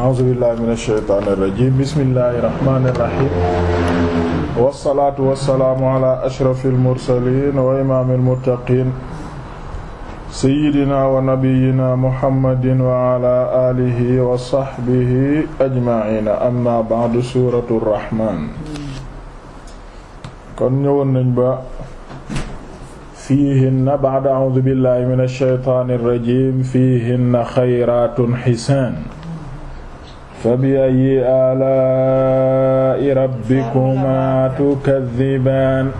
a'uuzu billaahi mina shaytaani rajiim bismillaahi rahmaani rahiim wassalaatu wassalaamu alaa ashrafil mursaliin wa imaamil muttaqiin sayyidinaa wa nabiyyinaa muhammadin wa alaa aalihi wa sahbihi ajma'iin ammaa ba'du suuratu rahmaan kon ñëwoon nañ ba fiihinna ba'da a'uuzu billaahi mina shaytaani rajiim fiihinna xayraatun xisaan fabi ayyi alaa'i rabbikumaa tukazzibaan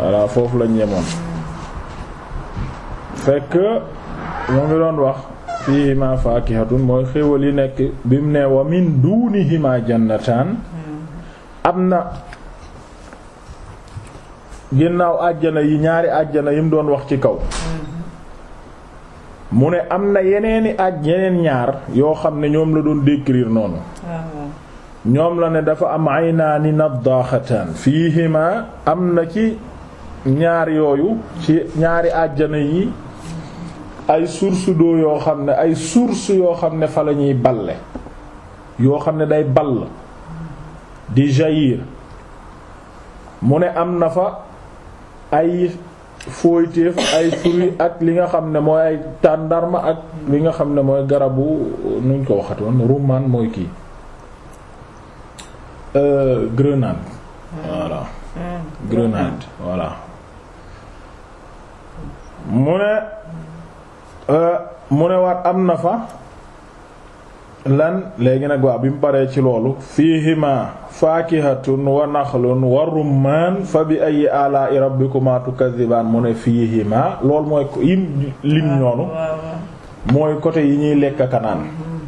voilà foofu lañ yemoon fekk mu ngi doon wax fiihimaa faakihatun mooy xéewal yi nekk bi mu ne wa min duunihimaa jannataan am na ginnaaw àjjana yi ñaari àjjana yi mu doon wax ci kaw mu ne am na yeneeni aj yeneen ñaar yoo xam ne ñoom la doon décrire noonu ah. ñoom la ne dafa am naa ni aynaani fii fiihima am na ci ñaar yooyu ci ñaari àjjana yi ay source yoo xam ne ay source yoo xam ne fa la ñuy balle yoo xam ne day ball di jaillir mu ne am na fa ay fooyteef ay fruits ak li nga xam ne mooy ay tàndarma ak li nga xam ne mooy garabu nuñ ko waxatoon rumman mooy kii euh, grenade voilà grenade voilà mu ne euh, mu ne waat am na fa lan léegi nag waa bi mu baree ci loolu fiihima faakihatun wa naxlun wa rummaan fa bi ay alaa'i rabbikuma tukazibaan mu ne fiihima loolu mooy yim lim ñoonu ah, mooy côté yi ñuy lekk kanaan mm-hmm.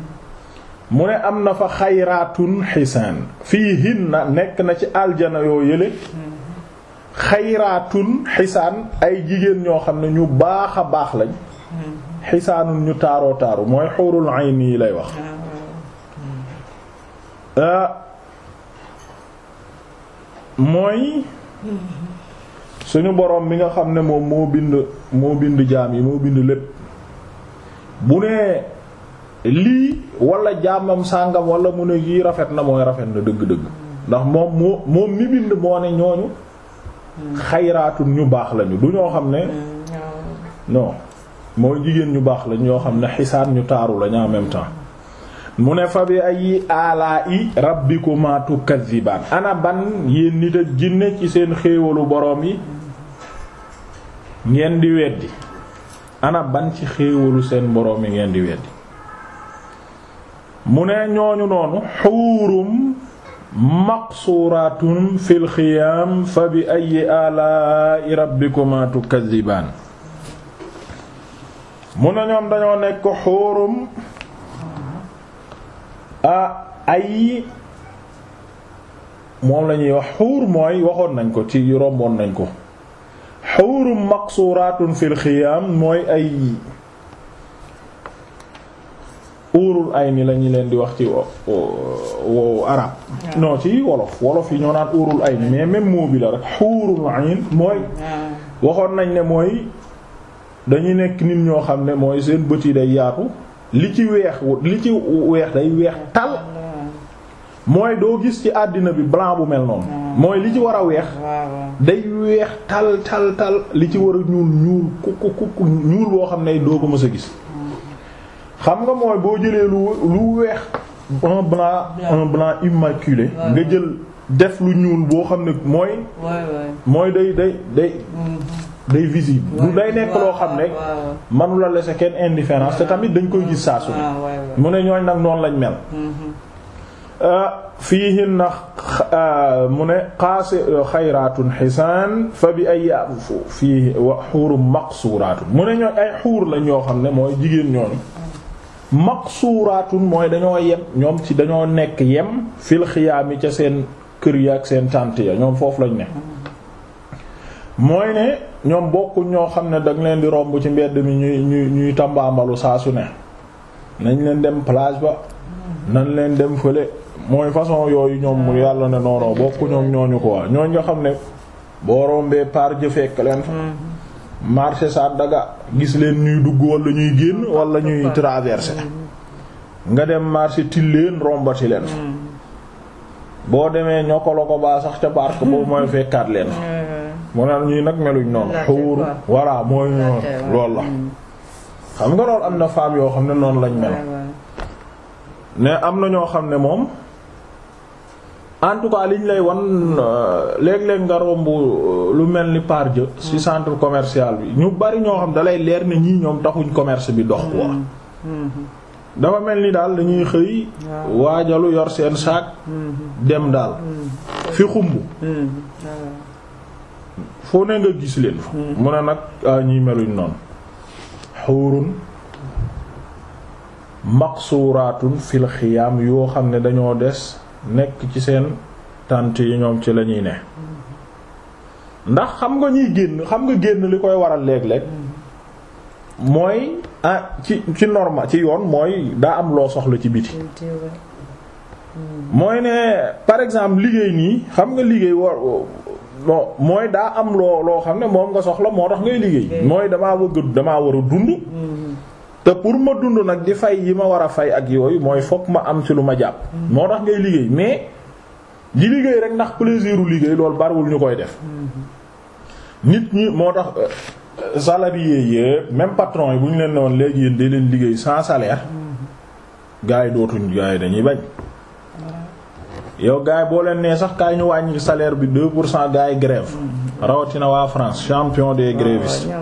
mu ne am na fa xayraatun xisaan fiihinna nekk na ci aljana yoo yële mm-hmm. xayraatun xisaan ay jigéen ñoo xam ne ñu baax a baax lañ mm-hmm. xisaanun ñu taaroo taaru mooy xuurul ayni yi lay wax ah, Euh, mooy suñu boroom mi nga xam ne moom moo bind moo bind jaam yi moo bind lépp bu nee lii walla jaamam sàngam walla mu ne yii rafet na mooy rafet na dëgg-dëgg ndax moom moo moom mi bind moo ne ñooñu xayraatun ñu baax lañu du ñoo xam ne mm, non mooy jigéen ñu baax lañ ñoo xam ne xisaan ñu taaru la en même temps mu ne fa bi ay alaa i rabbikuma tukazzibaan ana ban yéen nit ak jinne ci seen xéewalu boroom yi ngeen di weddi ana ban ci xéewalu seen boroom yi ngeen di weddi mu ne ñooñu noonu xuurum maqsuuraatun fil xiyaam fa bi ay alaa i rabbikuma tukazzibaan mu ne ñoom dañoo nekk xuurum ay moom la ñuy wax xuur mooy waxoon nañ ko ci romboon nañ ko xuurum maqsuratun fil xiyaam mooy ay uurul ay ni la ñu leen di wax ci arab non ci wolof wolof yi ñoo naan uurul ay ni mais même mot bi la rek xuurul ayn mooy waxoon nañ ne mooy dañuy nekk nit ñoo xam ne mooy seen bët yi day yaatu li ci weex li ci weex day weex tal mooy doo gis ci àddina bi blanc bu mel noonu hmm. mooy li ci war a weex hmm. day weex tal tal tal li ci war a ñuul ñuul ku ku ku ñuul boo xam ne doo ko mës a gis hmm. xam nga mooy boo jëlee lu lu weex un blanc blanc immaculé nga jël def lu ñuul boo xam ne mooy mooy day day day day visible du day nekk loo xam ne manula laisser kenn indifférence te tamit dañ koy gis saa su ne ah, mu ne ñooñ nag noonu lañ mel mm-hmm. euh, fiihin na euh, mu ne xaasi euh, xayraatun xisaan fa bi ay yaabu fii wa xuurum maqsuuraatun mu ne ñooñ ay xuur lañ yoo xam ne mooy jigéen ñooñu maqsuuraatun mooy dañoo yem ñoom ci dañoo nekk yem fil xiyaami ca seen kër yi ak seen tànt ya ñoom foofu lañ ne mm-hmm. mooy ne ñoom bokkuñ ñoo xam ne danga leen di romb ci mbedd mi ñuy ñuy ñuy tambaambalu saa su ne nañ leen dem plage ba nañ leen dem fële mooy façon yooyu ñoom mu yàlla ne noonoo bokku ñoom ñooñu ko waa ñooñ nga xam ne boo rombee par jëfekk leen fa marché sa daga gis leen ñuy dugg wala ñuy génn wala ñuy traversé nga dem marché til leen rombati leen fa mm. boo demee ñokkalo ko baa sax ca parc boobu mooy fekkaat leen fa mm. mu naan ñii nag meluñ noonu xuur voilà mooy loolu la mm. xam nga lool am na femme yoo xam ne noonu lañ mel ne am na ñoo xam ne moom en tout cas liñ lay wan euh, léeg-léeg nga romb euh, lu mel ni par Dieu ci mm. centre commercial bi ñu bari ñoo xam dalay leer ne ñii ñoom taxuñ commerce bi dox quoi mm-hmm. Mm-hmm. dafa mel ni daal dañuy xëy waajalu yor seen saak mm-hmm. dem daal fi xumb foo ne nga gis leen fa hmm. mu ne nag a ah, ñiy meluñ noonu xuurun maqsuuraatun fil xiyaam yoo xam ne dañoo des nekk ci seen tànt yi ñoom ci lañuy ne hmm. ndax xam nga ñuy génn xam nga génn li koy waral léeg-léeg hmm. mooy ah ci ci norma ci yoon mooy daa am loo soxla ci biti mooy ne par exemple liggéey nii xam nga liggéey wo bon mooy daa am loo loo xam ne moom nga soxla moo tax ngay liggéey mm. mooy damaa bëgg damaa war a dund mm. te pour ma dund nag di fay yi ma war a fay ak yooyu mooy fokk ma am si lu ma jàpp mm. moo tax ngay liggéey mais di liggéey rek ndax plaisir u liggéey loolu bariwul ñu koy def mm-hmm. nit ñi moo tax euh, euh, salarié yëpp même patron yi bu ñu leen ne léegi yéen leen liggéey sans salaire mm-hmm. gars yi dootuñ gars dañuy bañ yow gars yi boo leen nee sax kaay ñu wàññi salaire bi 2 pour cent gars yi grève rawatina waa France champion des ah, grévistes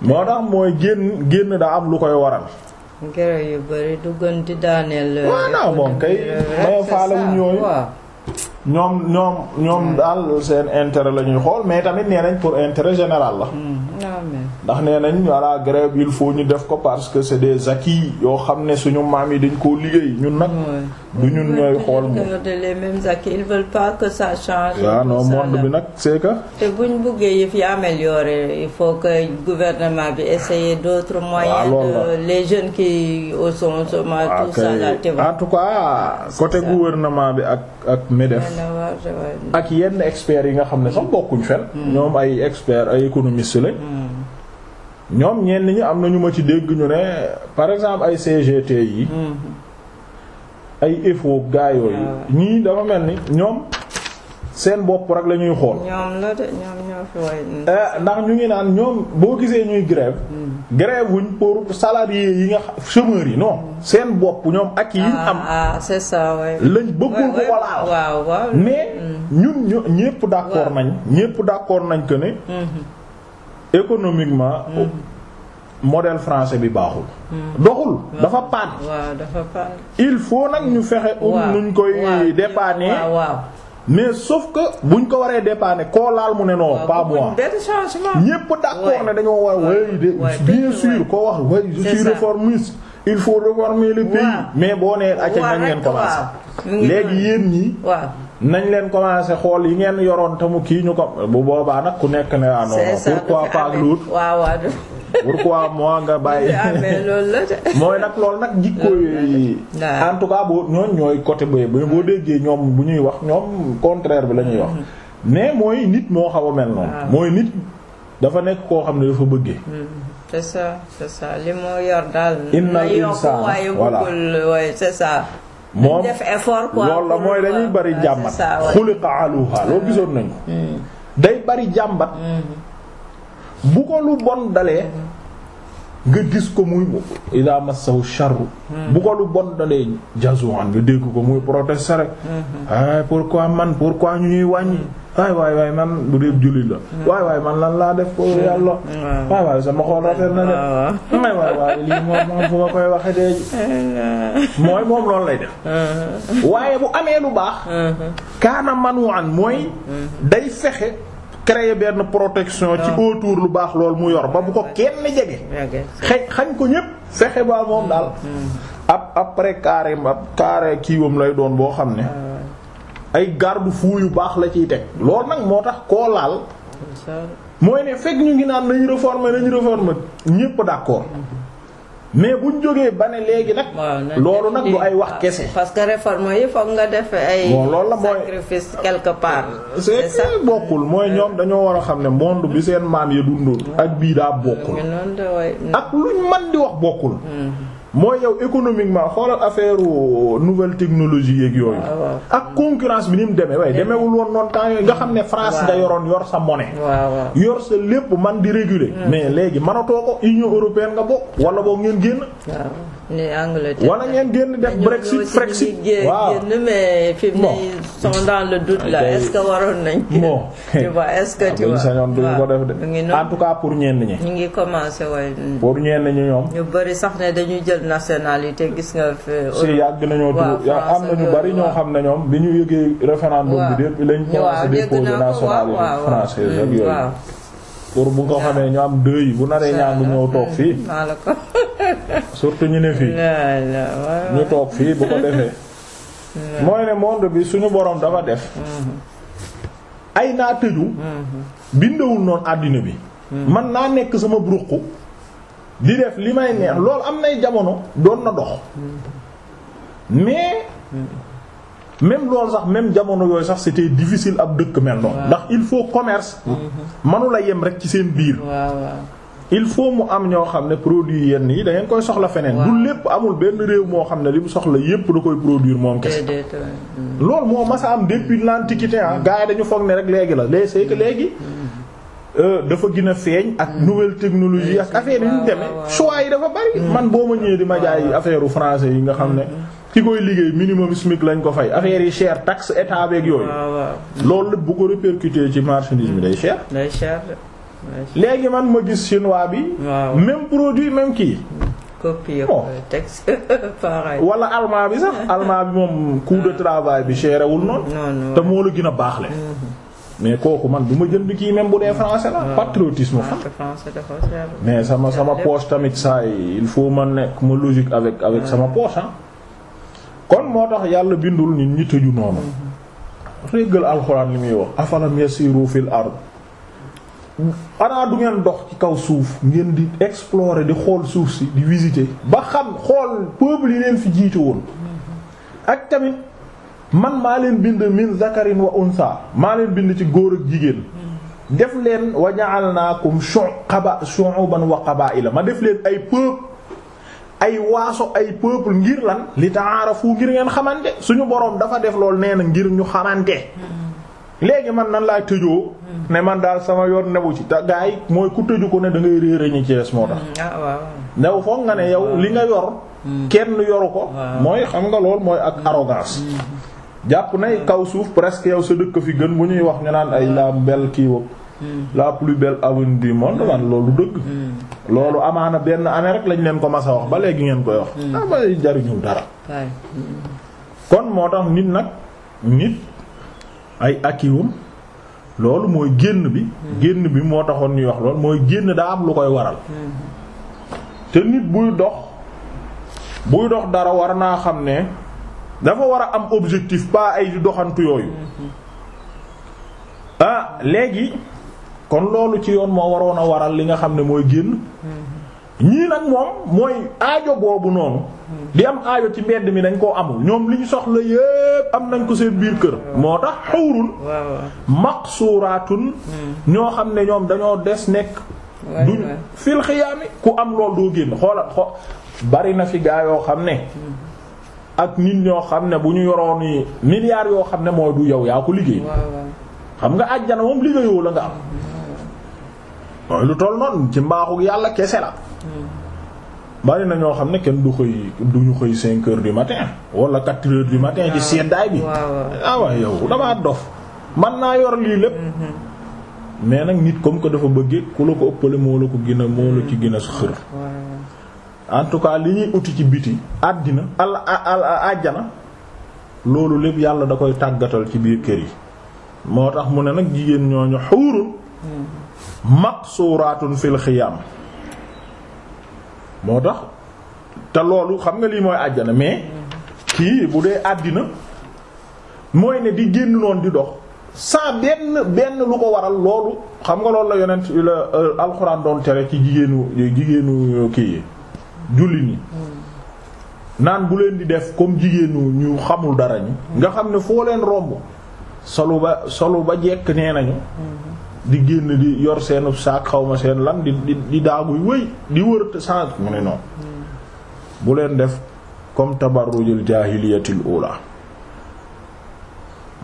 moo tax mooy génn génn daa am lu koy waral. grève yu bari du gën di daaneel. waaw moom kay mais faalewuñ yooyu ñoom ñoom ñoom hmm. daal seen intérêt la ñuy xool mais tamit nee nañ pour intérêt général la. Hmm. ndax nee nañ voilà grève il faut ñu def ko parce que c'est des acquis yoo xam ne suñu maam yi dañ koo liggéey ñun nag. du ñun ñooy xool moom. les mêmes acquis ils ça change. waaw ah non monde bi nag c'est que. te buñ buggee yëf yi améliorer il faut que gouvernement bi essayer d'autres moyens. de les jeunes qui sont chômage ah, tout ça là te en tout gouvernement bi ak ak MEDEF. ak yenn experts yi nga xam ne sax bokkuñ fenn. Hmm. ñoom ay experts ay économistes lañ. Hmm. ñoom ñenn ñi am na ñu ma ci dégg ñu ne par exemple ay CGT yi. Mm-hmm. ay FO gaayo yooyu. ñii dafa mel ni ñoom seen bopp rek la ñuy xool. Eh, ndax ñu ngi naan ñoom boo gisee ñuy grève. Mm. grève wuñ pour salarié yi nga chômeurs yi no mm. seen bopp ñoom ak yi am. ah, ah c'est lañ bëggul ko walaal. waaw mais mm. ñun ñëpp d'accord nañ. ñëpp d'accord nañ ko ne. Mm-hmm. économiquement hmm. modèle français bi baaxul. Hmm. doxul hmm. dafa paan. il faut nag ñu fexe. um nuñ koy dépanner. mais sauf que buñ ko waree dépanner koo laal mu ne non. pas moi ñépp d'accord ne dañoo a. bien sûr koo wax way je suis réformiste. il faut réformer le pays. mais boo nee acca nañ leen commencé. léegi yéen ñi. nañ leen commencé xool yi ngeen yoroon tamu kii ñu ko bu boobaa nag ku nekk ne ah non pourquoi pas l'autre nga bàyyi. mooy nag loolu nag jikko yi. en tout cas boo ñooñ ñooy côté boobu boo déggee ñoom bu ñuy wax ñoom contraire bi la ñuy wax. Mm-hmm. mais mooy nit moo xaw a mel noonu. mooy nit dafa nekk koo xam ne dafa bëggee. Mm-hmm. c'est ça c'est ça li mu yor daal. innal insaan voilà waaye c'est ça. moom def mooy dañuy bari jàmbat. xuliqa aluha loo mm-hmm. gisoon nañu. Mm-hmm. day bari jàmbat. Mm-hmm. bu ko lu bon dalee. nga gis ko muy ida massahu sharru bu ko lu bon dalee jazuan nga dégg ko muy protester rek. ah pourquoi man pourquoi ñuy wàññi. waay waay man bu dee jullit la hmm. waay waay man lan laa def ko hmm. yàlla hmm. waay waay sama xol rafet na koy waxe dee mooy def waaye bu amee lu baax kaana manuwaan mooy day fexe créer benn protection ci autour lu baax loolu mu yor ba bu ko kenn jege xañ ko ñépp fexe ba moom daal ab après carré ab kiiwam lay doon boo xam ne ay garde-fou yu baax la ciy teg loolu nag moo tax koo laal mooy ne fekk ñu ngi naan nañu réformer nañu réformer ñépp d'accord mais buñ jógee ba ne léegi nag. loolu nag du ay wax kese. parce que réforme yi foog nga def ay. bon loolu la mooy sacrifice bokkul mooy ñoom dañoo war a xam ne mbond bi seen maam ya dundoon. ak bii daa bokkul. ak luñ man di wax bokkul. Mm-hmm. mooy yow économiquement xoolal affaire nouvelle technologie yeeg yooyu. Ah, ak concurrence bi ni mu demee waaye eh. demewul woon noonu temps yooyu nga xam ne France nga yoroon yor sa monnaie. yor sa lépp man di réguler. Hmm. mais léegi mënatoo ko Union européenne nga bokk. wala boo ngeen génn. wala ngeen génn def Brexit Frexit waaw mais fi mu ne la dans le doute là est-ce que waroon nañ. bon tu vois est-ce que ah, en tout cas pour ñeen ñi. ñu ngi commencé way pour ñenn ñi ñoom. ñu bari sax ne dañu jël nationalité gis nga. si yàgg nañoo tudd am na ñu bari ñoo xam ne ñoom bi ñu yëgee référendum bi. waaw waaw lañ commencé déposer nationalité française ak hmm, yooyu. pour bu ko xamee ñu am dëy bu naree ñaan bu ñëw toog fii surtout ñu ne fii ñu toog fii bu ko defee mooy ne monde bi suñu boroom dafa def mm-hmm. ay naa tëju mm-hmm. bindawul noonu àddina bi mm-hmm. man naa nekk sama bruq di def li may neex lool am nay jamono doon na dox mais même loolu sax même jamono yooyu sax c'était difficile ab dëkk mel noonu ndax il faut commerce mm-hmm. manula yem rek ci seen biir il faut mu am ñoo xam ne produit yenn yi da ngeen koy soxla feneen du lépp amul benn réew moo xam ne li mu soxla yépp du koy produire moom kese mm. loolu moo mas am depuis l'antiquité ah mm. gars yi dañu foog ne rek léegi la léegi c'est que léegi mm. euh, dafa gën a feeñ ak nouvelle technologie ak affaire yi ñu demee choix yi dafa bari man boo ma ñëwee di ma jaay affaire français yi nga xam ne mm-hmm. ci koy liggéey minimum SMIC lañ ko fay affaire yi cher taxe état beeg yooyu. Ah, loolu bu ko répercuté ci marchandise bi day cher. day cher léegi man ma gis chinois bi. même produit même kii. copie texte wala allemand bi sax allemand bi moom coût de travail bi cherewul noonu. te moo la gën a baax mhm. mais kooku man du ma jënd kii même bu dee français la. patriotisme ah, français mais sama sama poche tamit saa il faut ma nekk ma logique avec avec sama poche ah. kon moo tax yàlla bindul nit ñi tëju noonu réggal alxuraan li muy wax afalam yasiru fil ard anaa du ngeen dox ci kaw suuf ngeen di explorer di xool suuf si di visiter ba xam xool peuple yi leen fi jiitu woon ak tamit man maa leen bind min zakarin wa unsa maa leen bind ci góor ak jigéen def leen wa ja'alnakum shu'aba shu'uban wa qaba'ila ma def leen ay peuple ay waaso ay peuple ngir lan li fu ngir ngeen xamante suñu boroom dafa def lool nee na ngir ñu xamante léegi man nan laay tëjoo hmm. ne man daal sama yoon newu ci te gaa yi mooy ku tëju ko ne da ngay réer ñi ci des moo tax hmm, ah, ndaw foog nga ne yow hmm. li nga yor kenn yoru ko mooy xam nga lool mooy ak arrogance jàpp nay kaw suuf presque yow sa dëkk fi gën bu ñuy wax ñu naan ay la bel kii Mm. la plus belle avenue du monde man loolu dëgg. Mm. loolu amaana benn année rek lañ leen ko mas wax ba léegi ngeen koy wax. daa mm. ah, ma jariñu dara. kon moo tax nit nag nit ay akiwum loolu mooy génn bi. génn bi moo taxoon ñuy wax loolu mooy génn daa am lu koy waral. te nit buy dox buy dox dara war naa xam ne dafa war a am objectif pas ay doxantu yooyu. Mm-hmm. Ah, léegi. kon loolu ci yoon moo waroon a waral li nga xam ne mooy génn ñii nag moom mooy aajo boobu noonu di am aajo ci mbedd mi dañ koo amul ñoom li ñu soxla yépp am nañ ko seen biir kër moo tax xawrun maqsuuraatun ñoo xam ne ñoom dañoo des nekk duñ fil xiyaami ku am lool doo génn xoolal xo bari na fi gaa yoo xam ne ak nit ñoo xam ne bu ñu yoroon ni milliards yoo xam ne mooy du yow yaa ko liggéey xam nga àjjana moom liggéeyoo la nga am mooy lu toll noonu ci mbaaxu yàlla kese la. bari na ñoo xam ne kenn du xëy du ñu xëy cinq heures du matin wala quatre heures du matin. ci ah, seddaay bi ah waaw yow damaa dof. man naa yor lii lépp. Mm-hmm. mais nag nit comme que dafa bëggee ku la ko ëppale moo la ko gën a moo la ci gën a mm-hmm. xër. tout cas li ñuy uti ci biti. àddina al al àjjana. loolu lépp yàlla da koy tàggatal ci biir kër yi. moo tax mu ne nag jigéen ñooñu xuuru. Mm-hmm. maqsuuraatun fil xiyaam moo tax te loolu xam nga lii mooy àjjana mais kii bu dee àddina mooy ne di génn noonu di dox sans benn benn lu ko waral loolu xam nga loolu la yonent la euh, alxuraan doon tere ci jigéenu jigéenu kii julli nii naan bu leen di def comme jigéenu ñu xamul dara ñu nga xam ne foo leen romb solu ba solu ba jekk nee nañu di génn di yor seenu saak xaw ma seen lan di di di wëy di wër change mu ne noonu bu leen def comme tabarrujul jaahiliyatil ula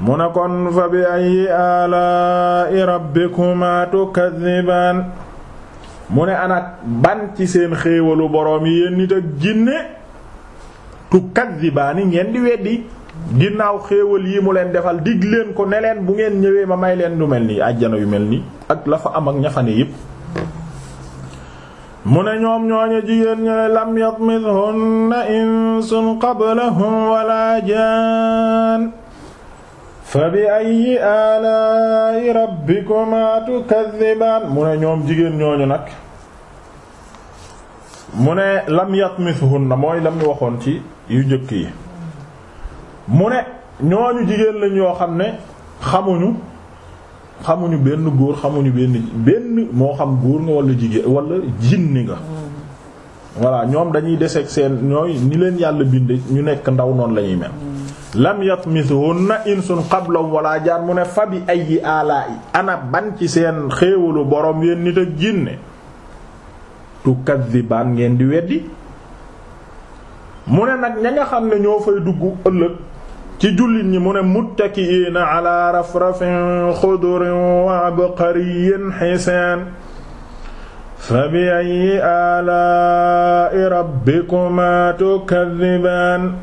mu ne kon fa bi ay alaa'i rabbikuma tukadhibaan mu ne anak ban ci seen xéewalu borom yi yéen nit ak jinne tukadhibaani ngeen di weddi ginnaaw xéewal yi mu leen defal dig ko ne leen bu ngeen ñëwee ma may leen lu mel nii àjjana yu mel nii ak la fa am ak ñafane yépp mu ne ñoom ñooñu jigéen ña lam yatmithunna insun qablahum wala ne ñoom jigéen ñooñu nag mu ne lam yatmithunna mooy lam waxoon ci yu jëkk yi mu ne ñooñu jigéen lañ ñoo xam ne xamuñu xamuñu benn góor xamuñu benn benn moo xam góor nga wala jigéen wala jinni nga voilà ñoom dañuy deseeg seen ñooy ni leen yàlla bind ñu nekk ndaw noonu la ñuy mel lam yatmithunna insun qablahum wala jaan mu ne fa bi ayyi ala yi ban ci seen xéewalu borom yéen nit ak jinne tukadhibaan ngeen di weddi mu ne nag ña nga xam ne ñoo fay dugg ëllëg ci jullit ñi mu ne muttaki'iina ala rafrafin xudurin wa abqariyyin hisaan fa bi ayyi aalaa'i rabbikumaa tukazzibaan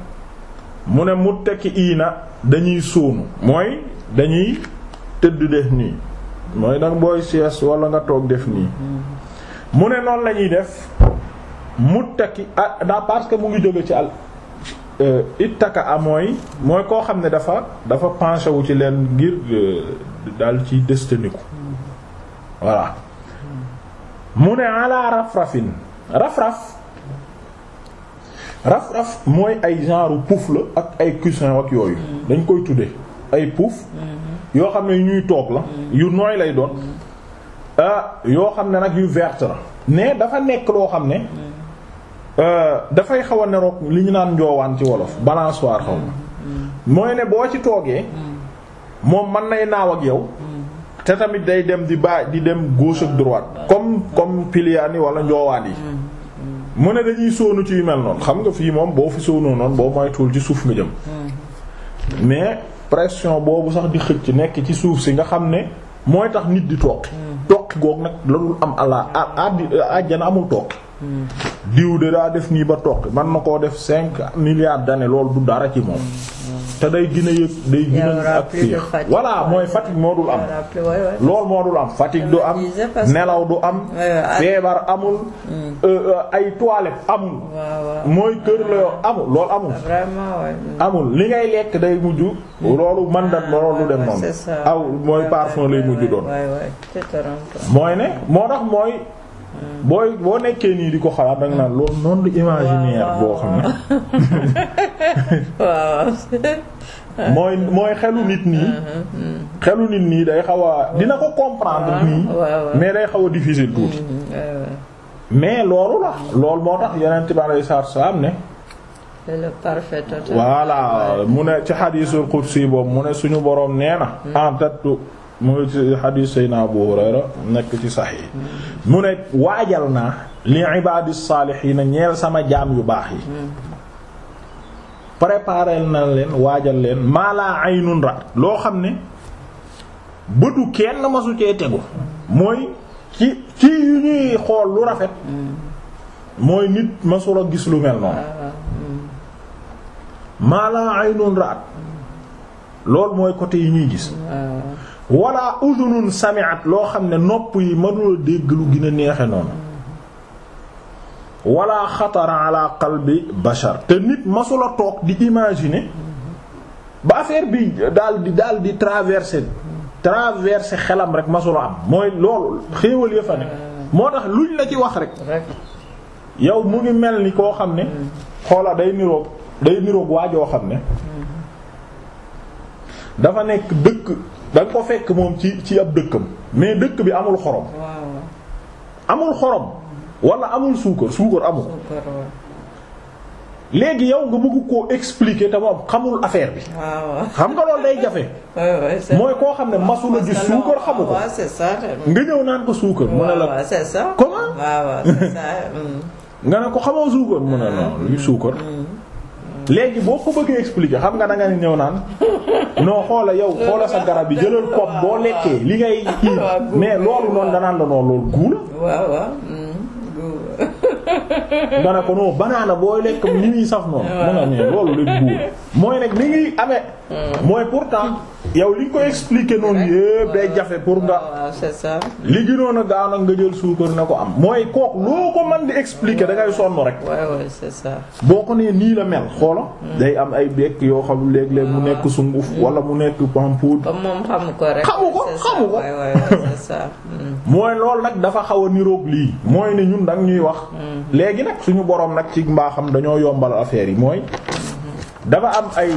mu ne iina dañuy suunu mooy dañuy tëdd def nii mooy nag booy sieste wala nga toog def nii mu ne noonu lañuy def muttaki ah, a parce que mu ngi jóge ci al it euh, ittaka a yi mooy koo xam ne dafa dafa penché wu ci leen ngir euh, dal ci destiniku voilà mu ne ala rafrafin rafraf rafraf mooy ay genre pouf la ak ay coussin ak yooyu dañ koy tuddee ay pouf yoo xam ne yu ñuy toog la yu nooy lay doon ah yoo xam ne nag yu vert la mais dafa nekk loo xam ne Euh, dafay xaw a neroog li ñu naan njoowaan ci wolof balançoire xaw ma mm. mooy ne boo ci toogee mm. moom man nay naaw ak yow mm. te tamit day dem di baa di dem gauche ak droite comme comme piliaan yi wala njoowaan yi mu ne dañuy sóonu ci yu mel noonu xam nga fii moom boo fi sóonoo noonu boo moytuwul ci suuf nga jëm mais pression boobu sax di xëcc nekk ci suuf si nga xam ne mooy tax nit di toog toog goog nag la dul am àlla àjjana amul toog diw de daa def nii ba toqi man na koo def cinq milliards d'années loolu du dara ci moom te day gën a day gën a ak fiix voilà mooy fatigue moo dul am loolu moo dul am fatigue du am nelaw du am ah. feebar amul mm. euh, euh, ay toilette amul mooy kër la ah, mm. amul li ngay lekk day mujj mm. loolu man da ah, loolu dem noonu aw mooy parfum lay mujj doon mooy ne moo tax mooy booy boo nekkee nii di ko xalaat da nga naan loolu noonu lu boo xam ne waaw mooy xelu nit nii uh-huh, uh-huh. xelu nit nii day xaw a dina ko comprendre nii mais day xaw a difficile mm-hmm, tuuti mais loolu la loolu moo tax yeneen bi alei sa salaam ne le parfait total voilà mu ne ci xadiisul qudsi boobu mu ne suñu boroom nee na en mm. mu ngi ci xadiis sayna Abu Hurayra nekk ci sax yi mu ne waajal naa li ibaadi saalihiina ñeel sama jaam yu baax yi préparel na leen waajal leen maa laa aynun ra loo xam ne bëtu kenn masu cee tegu mooy ci xool lu rafet mooy nit masula gis lu mel noonu loolu mooy côté yi ñuy gis wala udunun sami'at loo xam ne nopp yi mënula dégg lu gën neexe noonu wala xatara ala qalbi bashar te nit masula toog di imaginer ba affaire bi daal di daal di traverser traverser xelam rek masula am mooy loolu xéewal ya fa ne moo tax luñ la ci wax rek yow mu ngi mel ni koo xam ne xoola day niroog day niroog waajoo xam ne dafa nekk dëkk da nga ko fekk moom ci ci ab dëkkam mais dëkk bi amul xorom. amul xorom walla amul suukar suukar amul. léegi yow nga bëgg koo expliquer te moom xamul affaire bi. xam nga loolu day jafe. mooy koo xam ne masula gis suukar xamu ko. nga ñëw naan ko suukar. mu ne la comment. Mm. nga ne ko xamoo suukar mu ne la mm, suukar. Mm, léegi boo ko bëggee expliquer xam nga da nga ñëw naan. non xoola yow xoola sa garab yi jëlal kopp boo lekkee li ngay kii mais loolu noonu danaan la noonu loolu guula waaw waaw mm, nga ne ko non banaana booy lekk ni muy saf noonu. waaw mu ne loolu lépp guula mooy nag ni ngi amee. Mm. mooy pourtant. yow li nga koy expliquer noonu yëpp day jafe pour nga. c'est ça. li gënoon a gaaw nag nga jël suukar na ko am. mooy kooku loo ko mën di expliquer da ngay rek. waaw boo ko nee nii la mel xoola hmm. day am ay bekk yoo xam léeg-léeg mu nekk sunguf hmm. wala mu nekk pampoud. comme moom xamu ko rek. xamu ko hmm. mooy loolu nag dafa xaw a niroog lii. mooy ne ñun da ñuy wax. léegi nag suñu borom nag ci mbaaxam dañoo yombal affaire yi mooy. dafa am ay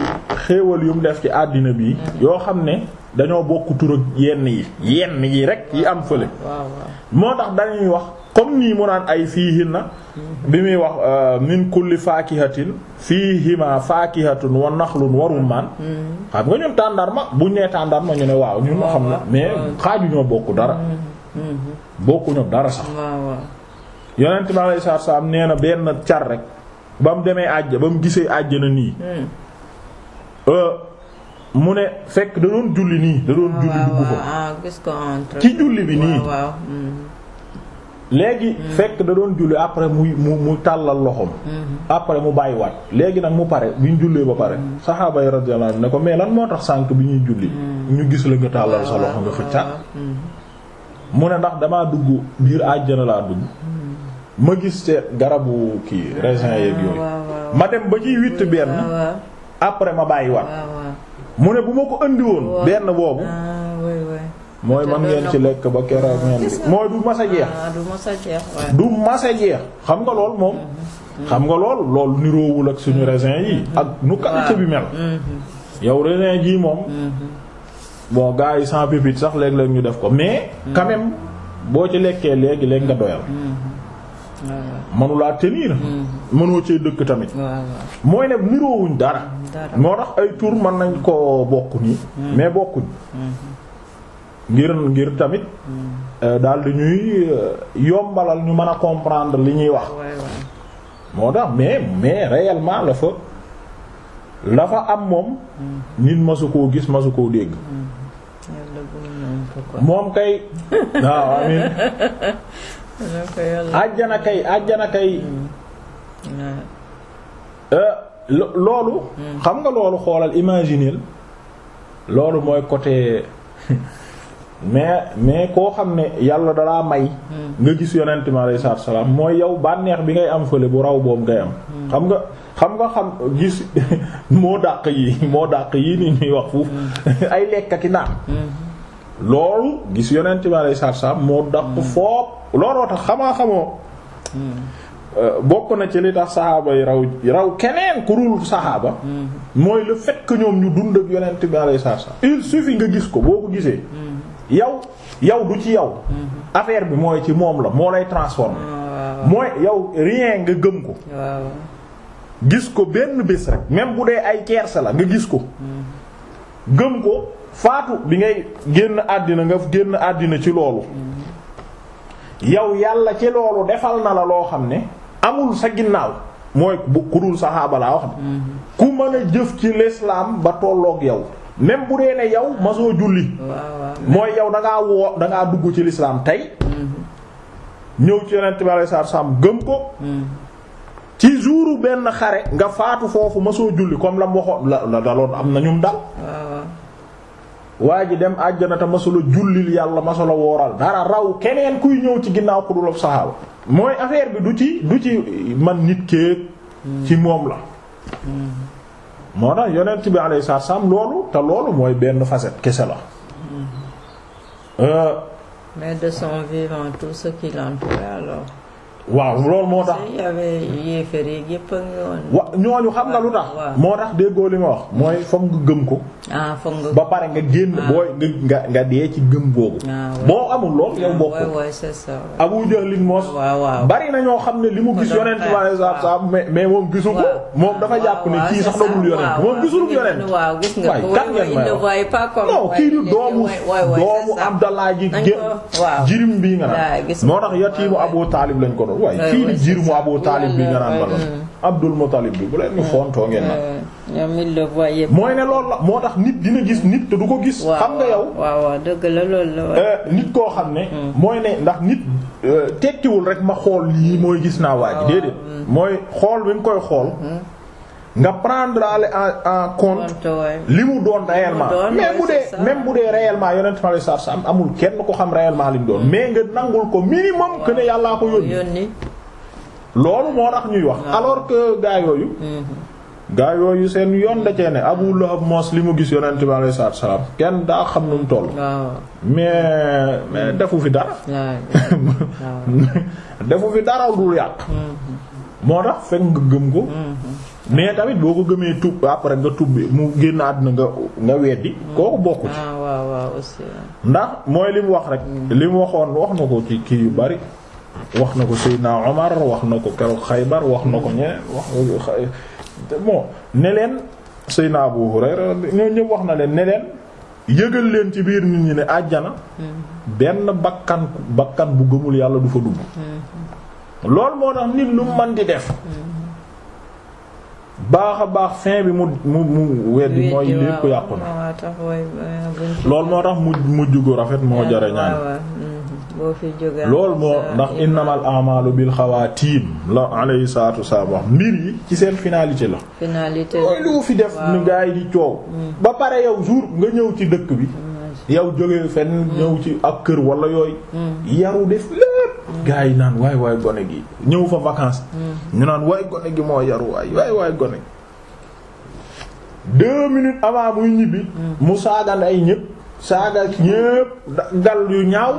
xéewal yum def ci àddina bi yoo xam ne dañoo bokk tur yenn yi yenn yi rek yi am fële moo tax dañuy wax comme nii mu naan ay na bi muy wax euh, min kulli faakihatin fiihima faakihatun wa naxlun wa rummaan mm-hmm. xam nga ñun tàndarma buñ nee tàndarma ñu ne waaw ñun xam na mais xaaju ñoo bokk dara mm-hmm. bokkuñu dara sax yonent bi alayhi salaam nee na benn car rek ba mu demee àjj ba mu gisee àjjana nii hmm. euh, mu ne fekk da doon julli nii da doon julli ah, dugg fa ah, ci julli bi nii hmm. léegi hmm. fekk da doon julli après muy mu mu tàllal loxoom après mu bàyyi bàyyiwaat léegi nag mu pare bi ñu jullee ba pare saxaaba yi radiyallahu ne ko mais lan moo tax sànq bi ñuy julli ñu gis la nga tàllal sa loxo nga fëccaat mu ne ndax damaa dugg biir àjjana laa dugg ma gis te garabu kii raisin yeeg ah, yooyu ma dem ba ciy witt benn ah, après ma bàyyi waat ah, mu ne bu ma ko indi woon benn boobu mooy man ngeen ci lekk ba keroog ngeen mooy du mas a jeex du mase a jeex xam nga lool moom mm-hmm. Mm-hmm. xam nga lool lool niroowul ak suñu mm-hmm. raisin yi ak nu qualité bi mel yow raisin jii moom bon gars yi sans pépite sax léeg-léeg ñu def ko mais quand boo ci lekkee léegi léegi nga doyal manulaa tenir hmm. mënoo cee dëkk tamit mooy ne niroowuñ dara moo tax ay tur mën nañ ko bokk nii hmm. mais bokkuñ hmm. ngir ngir tamit euh, daal ñuy euh, yombalal ñu mën a comprendre li ñuy wax moo tax mais mais réellement la fa la fa am moom nit masu koo gis masu koo dégg moom kay waaw amin àjjana kay àjjana kay euh, loolu xam nga loolu xoolal imaginer loolu mooy côté mais mais koo xam ne yàlla dalaa may nga gis yonent mi alayhi salaatu salaam mooy yow bànneex bi ngay am fële bu raw boobu ngay am xam nga xam nga xam gis moo dàq yi moo dàq yi ni ñuy wax foofu ay lekkati naan mm. loolu gis yonent mi alayhi salaatu salaam moo dàq mm. foop looloo tax xamaa xamoo euh, bokk na ci li tax saxaaba raw raw keneen ku dul saxaaba mooy le fekk que ñoom ñu dund ak yonent bi alayhi salaam il suffit nga gis ko boo ko gisee yow yow du ci yow affaire bi mooy ci moom la moo lay transformer mooy yow rien nga gëm ko gis ko benn bés rek même bu dee ay kersa la nga gis ko gëm ko faatu bi ngay génn àddina nga génn àddina ci loolu yow yàlla ci loolu defal na la loo xam ne amul sa ginnaaw mooy bu kudul saxaaba laa wax mm-hmm. ku mën a jëf ci l'islam ba tolloog yow même bu dee ne yow ma soo julli mooy yow da ngaa woo da dugg ci l'islam tey mm-hmm. ñëw ci yonent bi alayhi salaam gëm ko mm-hmm. ci jouru benn xare nga faatu foofu ma soo julli comme la mu la la daloon am na ñum dal waa ji dem àjjana te masula jullil yàlla masula wooral dara raw keneen kuy ñëw ci ginnaaw ku dul saxaaba mooy affaire bi du ci du ci man nit kéeg ci moom la moo tax yonent bi alayhi sam loolu te loolu mooy benn facette kese la mais de waaw loolu moo tax. wa ñooñu xam nga lu tax. moo tax déggoo li ma wax. mooy foog nga gëm ko. ah foog nga ba pare nga génn. Ah. booy nga nga dee ci gëm googu. Ah, boo amul lool yow ah, bokk. waaw waay c'est Abu Jahl moos. bari na ñoo xam ne li mu gis yonent bi saab saab mais mais moom gisu ko. yonent moom nga ko waay kan ngeen non kii du doomu doomu Abdallah ji jirim bii nga naan moo tax yatiimu Abu Taalib lañ ko doon waaye eh, kii di jiir Abu Taalib bi nga naan bala Abdul Muttalib bi bu leen ñu fontoo ngeen nag mooy ne loolu la moo tax nit dina gis nit te du ko gis xam nga yow waaw waaw dëgg la loolu la eh, nit koo xam ne hmm. mooy ne ndax nit eh, tekkiwul rek ma xool lii mooy gis naa waa ji déedéet hmm. mooy xool bi nga koy xool hmm. nga prendre en en compte li mu doon réellement mais bu dee même bu dee réellement yonent ma lay sar amul kenn ko xam réellement li mu doon mais nga nangul ko minimum que ne yàllaa ko yónni loolu moo tax ñuy wax alors que gaa yooyu mm-hmm. gaa yooyu seen yoon da cee ne Abu Lahab moos li mu gis yonent bi alayhi salaam kenn daa xam nu mu toll. mais mais mm-hmm. defu fi dara. defu fi dara dul yàq. Mm-hmm. moo tax fekk nga gëm ko. mais tamit boo ko gëmee tub après nga tubbi mu génn àdduna nga nga weddi kooku bokku ci ah, ndax mooy li mu wax rek mm. li mu waxoon wax na ko ci kii bari wax na ko Seydina Omar wax na ko keroog Xaybar wax na ko mm. ñeneen wax bon ne leen Seydina Abu Hurayra ñoo ñëpp wax na leen ne leen yëgal leen ci biir nit ñi ne àjjana mm. benn bakkan bakkan bu gëmul yàlla du fa dugg loolu moo tax nit lu mën di def baax a baax fin bi mu mu mu weddi mooy lépp yàqu na loolu moo tax mu mujj gu rafet moo jare ñaan mhm. loolu moo ndax innamal a'malu bil xawaatim la alayhi saatu wasallam wax mbir yi ci seen finalité la mooy lu fi def nu gaa yi di coow mm. ba pare yow jour nga ñëw ci dëkk bi mm. yow jógee fenn mm. ñëw ci ak kër wala yooyu yaru def gars yi naan waay waay gone gi ñëw fa vacances. Mm. ñu naan waay gone gi moo yaru waay waay gone gi. deux minutes avant muy ñibbi. Mm. mu saagan ay ñëpp. saaga ñëpp gal yu ñaaw.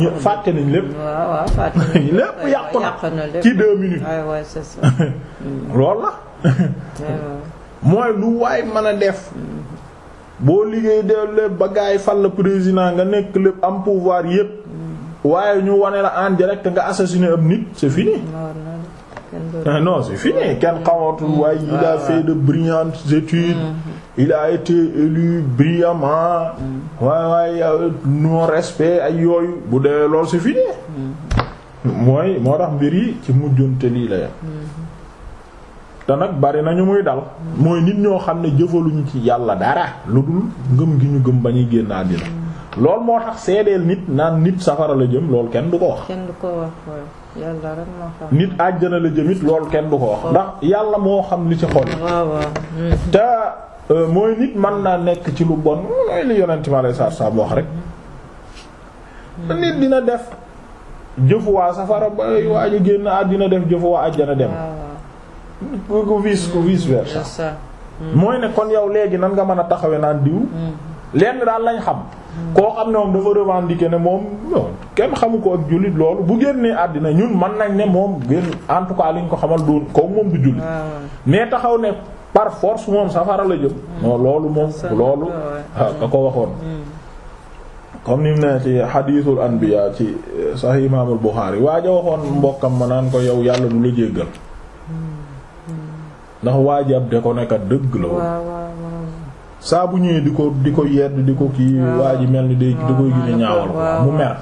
ñëpp fàtte nañ lépp. waaw waaw fàtte nañ lépp yàqu na ci deux minutes. waay la. mooy lu waay mën a def. Mm-hmm. boo liggéey de lépp ba gaay fal président nga nekk lépp am pouvoir yépp waaye ñu wane la en direct nga assassiner ab nit c'est fini. non ah c'est fini kenn xamatul mm. waaye il a ah. fait de brillantes études. Mm. il a été élu brillamment. waaye mm. waaye non respect ay yooyu bu dee loolu c'est fini. mooy moo tax mbir yi ci mujjante lii la yem. te bari nañu muy dal. mooy nit ñoo xam ne jëfaluñu ci yàlla dara lu dul ngëm gi ñu gëm ba génn àddina loolu moo tax seedeel nit naan nit safara la jëm loolu kenn du ko wax. kenn du ko wax yàlla rek nit àjjana la jëm it loolu kenn du ko wax. Oh. ndax yàlla moo xam li ci xol. waaw hmm. te euh, mooy nit mën naa nekk ci lu bon mooy li yonent ma lay saa saa wax rek. Hmm. nit dina def jëfuwaa safara ba waa ji génn àddina def jëfuwaa àjjana dem. ku ku vice ku vice versa. Hmm. mooy ne kon yow léegi nan nga mën a taxawee naan diw. lenn daal lañ xam. koo xam ne moom dafa revendiquer ne moom kenn xamu ko ak jullit loolu bu génnee àddina ñun mën nañ ne moom génn en tout cas liñ ko xamal doon kooku moom du jullit ah. mais taxaw ne par force moom safara la jëm hmm. non loolu moom loolu ah, ka ko waxoon hmm. comme na mu ne ci xadiisul anbiya ci eh, sax imaamul Buxaari waa waaja waxoon mbokkam ma naan ko yow yàlla du la jéggal hmm. ndax waa ji de ko nekk dëgg la woon saa bu ñëwee di ko di ko yedd di ko kii ah. waa ji mel ni day da koy gën a ah, ñaawal mu mer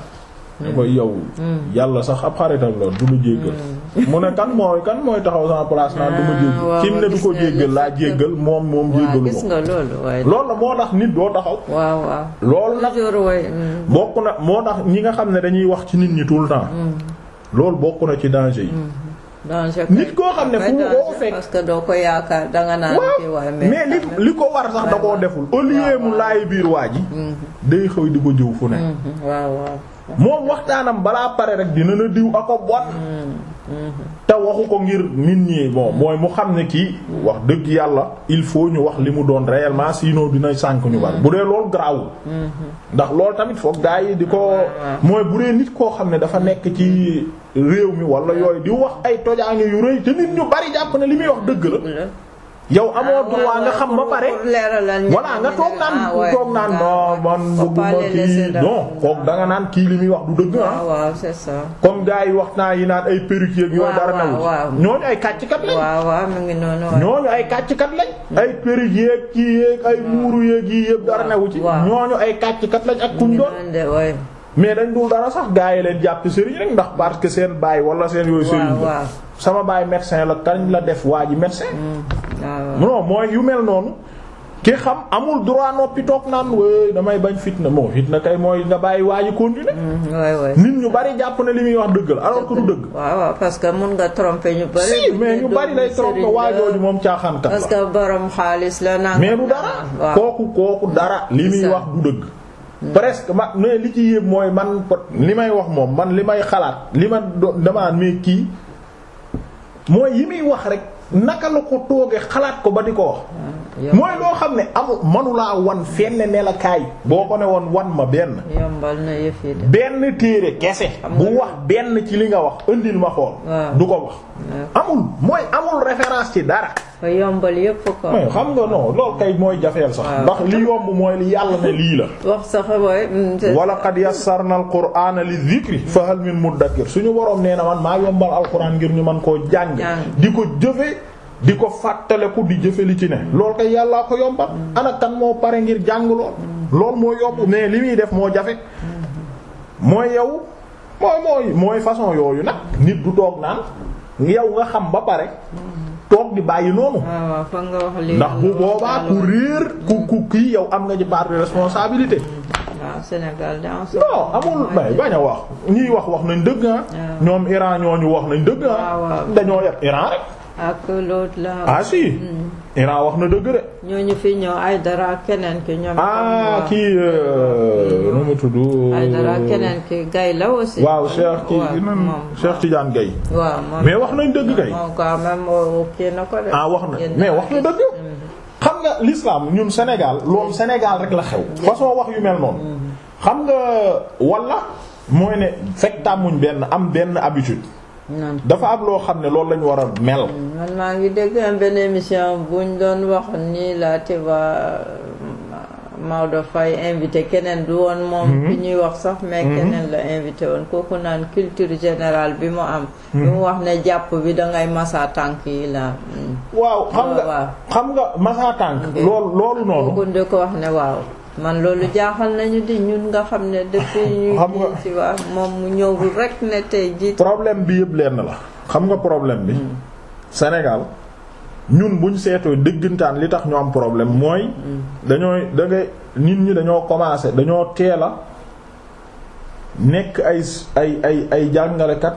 ñu koy yow mm. yàlla sax ab xaritam lool du ma jéggal mm. mu ne kan mooy kan mooy taxaw sama place naan du ma ah, jéggal kim ne du ko jéggal laa jéggal moom moom jéggalu lool na la moo tax nit doo taxaw waaw waaw loolu nag mm. bokk na moo tax ñi nga xam ne dañuy wax ci nit ñi tout le temps loolu bokk na ci danger yi nit koo xam ne fu mu koo fekk parce que doo ko yaakaar danga naan mais li li ko war sax da deful au mu laay biir waa ji mhm. day xëy di ko jëw fu ne mhm, waaw waaw moom waxtaanam balaa pare rek dina na diw ako bon mhm, te waxu ko ngir nit ñi bon mooy mu xam ne kii wax dëgg yàlla il faut ñu wax li mu doon réellement sinon dina sànk ñu bari bu dee loolu garaawul ndax loolu tamit foog gaa yi di ko mooy bu dee nit koo xam ne dafa nekk ci réew mi wala yooyu di wax ay tojaange yu rëy te nit ñu bari jàpp na li muy wax dëgg la. yow amoo ah, droit nga xam ba pare voilà nga toog naan ah, toog naan non man bëgguma kii non kook da naan kii li muy wax du dëgg ah. ah waaw comme gars yi wax naa yi naan ay perruquier yooyu dara nawu ñooñu ay kàcckat lañ. waaw waaw mu ngi noonu. ñooñu ay kàcckat lañ. Mm. ay perruquier yeeg kii yeeg ay muuru yeeg yii yëpp dara nawu ci. ñooñu ay kàcckat lañ ak kuñ doon. mais dañ dul dara sax gaa yi leen jàpp sëriñ rek ndax parce que seen baay wala seen yooyu sëriñ la sama baay médecin la kañ la def waa ji médecin mm, mooy yu mel noonu ki xam amul droit noppi toog naan wéy damay bañ fitna moo fitna kay mooy nga bàyyi waa ji continuer mm, nit ñu bari jàpp na li muy wax dëgg la alors du dëgg waaw waaw nga tromper si mais ñu bari lay tromper waajooju moom caaxaankat parce que borom xaalis mais du dara kooku kooku dara li muy wax du dëgg presque ma mais li ci yépp mooy man li may wax moom man li may xalaat li ma demaan mais kii mooy yi muy wax rek naka la ko toogee xalaat ko ba di ko wax. Hmm, mooy loo xam ne amu manulaa wan fenn nelakaay boo ko ne woon wan ma benn. yombal benn téere kese. bu wax benn ci li nga wax indil ma xool. du ko wax. amul mooy amul référence ci dara. ba yombal yëpp ko. mais xam nga non loolu kay mooy jafeel sax. ndax li yomb mooy li yàlla ne lii la. wax sax mooy. Mm, wala qad yassarna alqur'ana li dhikri fa hal min muddakir suñu borom nee na man maa yombal alquran ngir ñu man koo jàng. di ko jëfee di ko fàttaleku di jëfe li ci ne. loolu kay yàllaa ko yomba mm. ana kan moo pare ngir jàng lool. Mm. loolu moo yomb mais li muy def moo jafe. mooy yow. mooy mooy mooy façon yooyu nag nit du toog naan yow nga xam ba pare. toog di bàyyi noonu. Ah, ndax bu boobaa ku réer ku ku kii yow am nga ci part de responsabilité. waaw Sénégal non amul ah, bañ a wax ñiy wax wax nañ dëgg ah. ñoom Iran ñu wax nañ dëgg ah. dañoo yab Iran rek. ak l'autre là. ah si. Mm. Iran wax na dëgg de. ñooñu fi ñëw ay dara keneen ki ñoom. ah kii euh, nu mu tudd. ay dara keneen ki Gaye la waaw Cheikh kii kii moom Cheikh mais wax nañ dëgg Gaye. ah wax na mais wax na dëgg. Mm. xam nga l'islam ñun Sénégal loolu Sénégal rek la xew. Mm. façon wax yu mel noonu. xam nga wala mooy ne fekk tàmmuñ benn am benn habitude. dafa am loo xam ne loolu lañu war a mel. man maa ngi dégg benn émission buñ doon wax nii la Tiba Maodo Faye invité keneen du woon. moom mhm. bi ñuy wax sax. mais mhm. keneen la invité woon kooku naan culture générale bi mu am. bi mhm. mu wax ne jàpp bi dangay masa tànk yi la. waaw xam nga xam nga masa tànk. loolu loolu noonu. kooku ko wax ne waaw. man loolu jaaxal nañu di ñun nga xam ne depuis ñu ci wax moom mu ñëw rek ne tey ji problème bi yëpp lenn la xam nga problème bi mm. Sénégal ñun buñ seetoo dëggantaan li tax ñu am problème mooy mm. dañooy da nit ñi dañoo commencé dañoo teel a nekk ay ay ay ay jàngalekat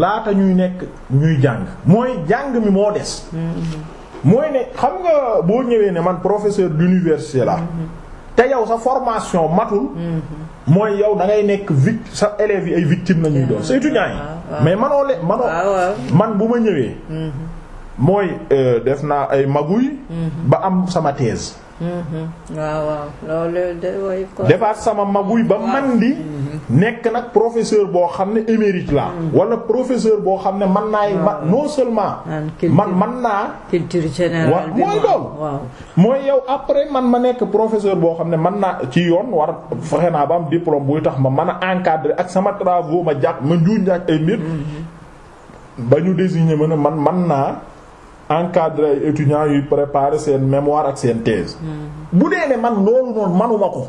laata ñuy nekk ñuy jàng mooy jàng mi moo des mm-hmm. mooy ne xam nga boo ñëwee ne man professeur d'université la mm-hmm. te yow sa formation matul mm-hmm. mooy yow da ngay nekk vic sa élèves yi ay victimes la ñuy doon sa étudiants yi ah, ah. mais manoo le manoo ah, man bu ma ñëwee mm-hmm. mooy euh, def naa ay magouille ba am sama thèse Mm-hmm. waaw defaat sama maguy ba man di mm-hmm. nekk nag professeur boo xam ne émérite la mm-hmm. wala professeur boo xam ne man naay ma non seulement man man naa culture générale mooy loolu mooy yow après man ma nekk professeur boo xam ne man naa ci yoon war fexe naa ba am diplôme buy tax ma mën a encadrer ak sama travaux ma jàpp ma njuuñ ak ay mbir ba ñu ma ne man naa encadré ay yuy préparer seen mémoire ak seen thèse. Mm-hmm. bu dee ne man loolu noonu manuma ko.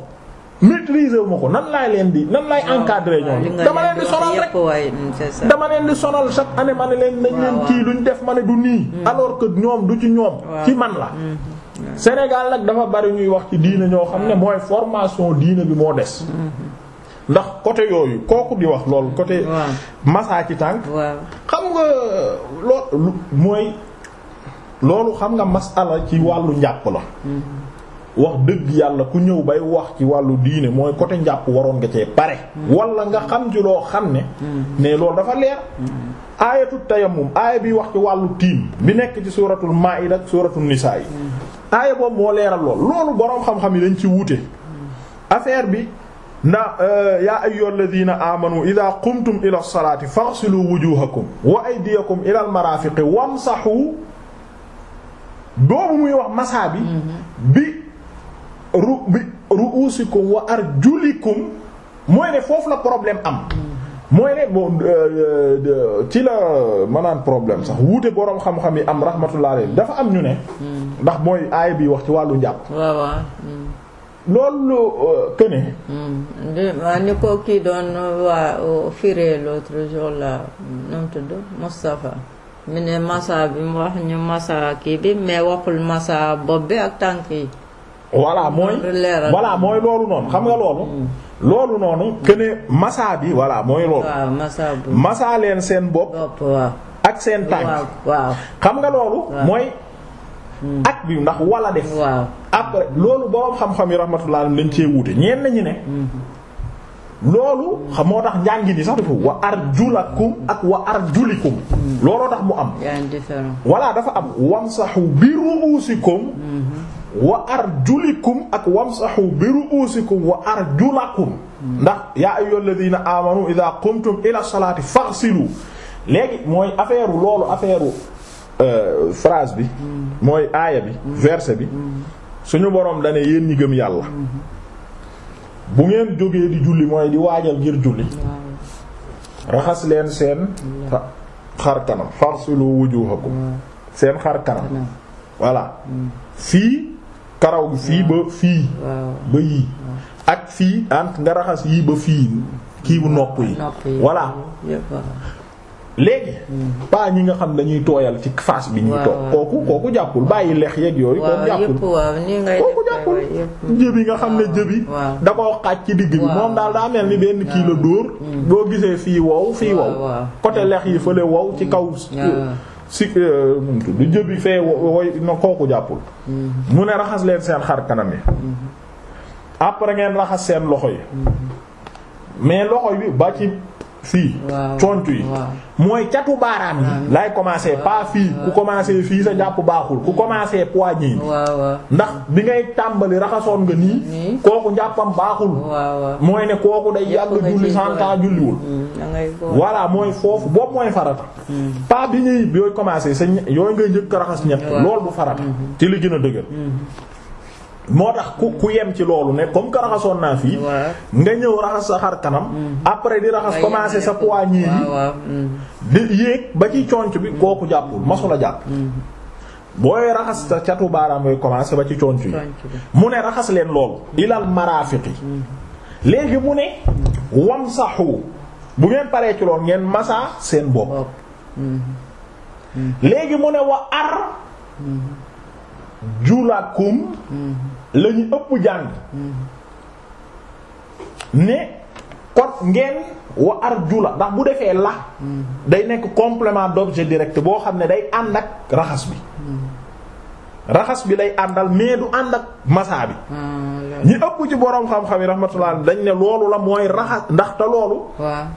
maîtriser wu ma ko nan laay leen di nan laay ah, encadrer ñoom dama leen di sonal rek mm, dama leen di sonal chaque année ma ne leen nañ leen kii luñ def ma ne du nii mm. alors que ñoom du ci ñoom ci man la mm-hmm. Sénégal nag dafa bari ñuy wax ci diine ñoo xam ne mm. mooy formation diine bi moo des mm-hmm. ndax côté yooyu kooku di wax loolu côté massa ci tànk xam nga loolu mooy loolu xam nga masala ci wàllu njàpp la wax dëgg yàlla ku ñëw bay wax ci wàllu diine mooy côté njàpp waroon nga cee pare wala nga xam ci xam ne ne loolu dafa leer aayatu tayammum aaya bi wax ci wàllu tiim bi nekk ci suuratul maa'ida ak suuratul nisaa yi aaya boobu moo leeral lool loolu boroom xam-xam yi dañ ci wuute affaire bi na euh, yaa ayyuhal ladina amanu idha qumtum ila as-salati faghsilu wujuhakum wa aydiyakum ila al-marafiqi wamsahu boobu muy wax masaa bi mm-hmm. bi ru bi ru'usikum wa arjulikum mooy ne foofu la problème am mm-hmm. mooy ne euh, euh, ci la maanaam problème sax wuute boroom xam-xam yi am rahmatullah dafa am ñu ne mm-hmm. ndax mooy aaya bi wax ci wàllu njàpp waaw waaw mm. loolu këne euh, mm. waa ni ko kii doon waa firé l'autre jour la nam tudd Moustapha mu ne massa bi mu wax ñu massa kii bi mais waxul massa bopp bi ak tànk yi. voilà mooy voilà mooy loolu noonu xam nga loolu. Mm. loolu noonu que masaa bi voilà mooy loolu. waaw massa bi masaa leen seen bopp. ak seen tànk. waaw xam nga loolu. mooy. Mm. ak bi ndax walla def. waaw après loolu boroom xam-xam yi rahmatullah dañ cee wuute ñenn ñi ne. Mm-hmm. loolu xamoo tax njàngi ni sax dafa wa arjulakum ak wa arjulikum hmm. looloo tax mu am voilà dafa am wamsahu bi ru'usikum hmm. wa arjulikum ak wamsahu bi ru'usikum wa arjulakum hmm. ndax yaa ayyuhal ladina amanu idha qumtum ila salati faghsilu léegi mooy affaire loolu affaire euh, phrase bi mooy aaya bi verset bi suñu boroom dane yéen ñi gëm yàlla bu ngeen jógee di julli mooy di waajal ngir julli raxas leen seen xar kanam farsilu wujuhakum seen xar kanam voilà mm. fii karaw gi fii ba fii ba yii ak fii ant nga raxas yii ba fii kii bu mm. nopp yi voilà léegi pas ñi nga xam ñuy tooyal ci face bi ñuy toog kooku kooku jàppul bàyyi lex yeeg yooyu kooku jàppul kooku jàppul jëbi nga xam ne jëbi da koo xaaj ci digg bi daa mel ni benn kii la dóor mm. boo gisee fii wow fii wow côté lex yi fële wow ci kaw mm. si du euh, euh, jëbi fee woy na kooku jàppul mm-hmm. mu ne raxas leen seen xar kanam yi mm-hmm. après ngeen raxas seen loxo yi mm-hmm. mais loxo yi ba ci fii concu yi mooy catu baaraam yi laay commencer pas fii ku commencer fii sa jàpp baaxul ku commencer poignée yi ndax bi ngay tàmbali raxasoon nga nii kooku njàppam baaxul mooy ne kooku day yàgg julli santa julliwul mm, voilà mooy foofu boobu mooy farata mm. pas bi ñuy yooy commencer sa yooyu ngay jëkk raxas ñett lool bu farata mm-hmm. ci li gën a dëgër mm-hmm. moo tax ku ku yem ci loolu ne comme que raxasoon naa fii. nga ñëw raxas sa xar kanam. Mm. après di raxas commencer sa poignée yi. Mm. di yéeg ba ci conc bi kooku jàppul masula jàpp. Mm. booy raxas sa catu baaraam yooyu commencer ba ci conc yi. mu ne raxas leen loolu. ilal marafiqi léegi mu ne. wamsaxu bu ngeen paree ci loolu ngeen masaa seen bopp. léegi mu ne wa ar. julakum. la ñu ëpp jàng ne kon ngeen wa arjula ndax bu defee la day nekk complément d'objet direct boo xam ne day ànd ak raxas bi raxas bi day àndal mais du ànd ak masaa bi ah, ñi ëpp ci borom xam-xam yi rahmatullah dañ ne loolu la mooy raxas ndax te loolu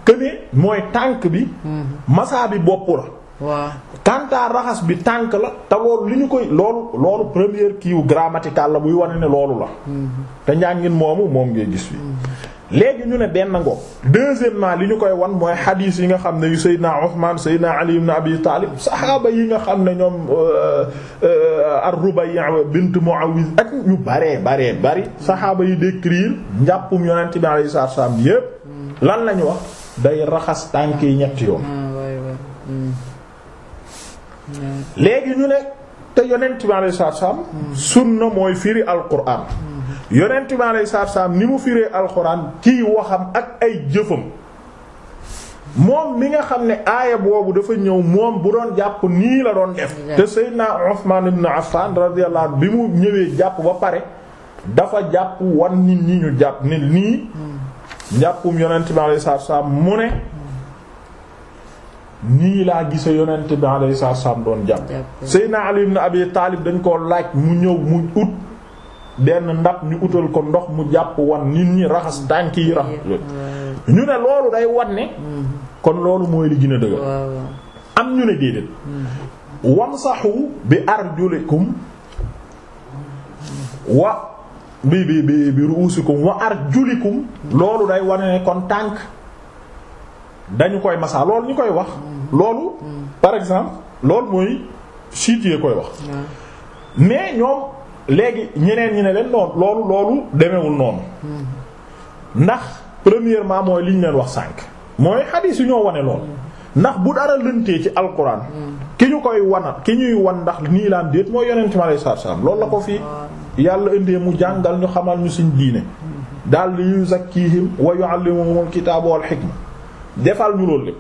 que mooy tànk bi mm-hmm. masaa bi bopp la waaw kantaa raxas bi tànk la te loolu li ñu koy loolu loolu première kiiwu grammatical la buy wane ne loolu la mm-hmm. te njàngin moomu moom ngay gis fi mm-hmm. léegi ñu ne benn ngo deuxièmement li ñu koy wan mooy xadiis yi nga xam ne yu Seydina Uthman Seydina Ali ibn Abi Talib saxaaba yi nga xam ne ñoom euh, euh, ar-Rubayya bint Muawiz ak ñu baree baree bari saxaaba yi décrire njàppum yonent bi alayhi salaam yépp mm-hmm. lan lañu wax day raxas tànk yi ñetti yoon léegi ñu ne te yonent bi alayhi salaatu salaam sunna mooy firi alquran yonent bi alayhi ni mu firee alxuraan ciy waxam ak ay jëfam moom mi nga xam ne aaya boobu dafa ñëw moom bu doon jàpp nii la doon def te Seydina Usman ibn Affan radiyallahu bi mu ñëwee jàpp ba pare dafa jàpp wan nit ñi ñu jàpp nit nii njàppum hmm. yonent bi alayhi salaatu mu ne nii laa gise yonent bi alayhi salaam doon jàpp Seydina Ali Taalib dañ koo laaj mu ñëw mu ut benn ndab ñu utal ko ndox mu jàpp wan nit ñi raxas tànk yi rax ñu ne loolu day wan ne mm-hmm. kon loolu mooy li gën a dëgër am ñu ne déedéet mm-hmm. wamsahu bi arjulikum wa bi bi bi ruusikum wa arjulikum mm-hmm. loolu day wane ne kon tànk dañu koy massa loolu ñu koy wax loolu par exemple loolu mooy siit koy wax mais ñoom léegi ñeneen ñi ne leen noonu loolu loolu demewul noonu ndax premièrement mooy li ñu leen wax sànq mooy xadiis yu ñoo wane loolu ndax bu dara lëntee ci alquran ki ñu koy wana ki ñuy wan ndax nii laan déet mooy yonente mi alayhi salaam loolu la ko fii yàlla indee mu jàngal ñu xamal ñu suñ diine daal li yuzakkihim wa yu'allimuhumul kitaaba wal hikma defal lu loolu li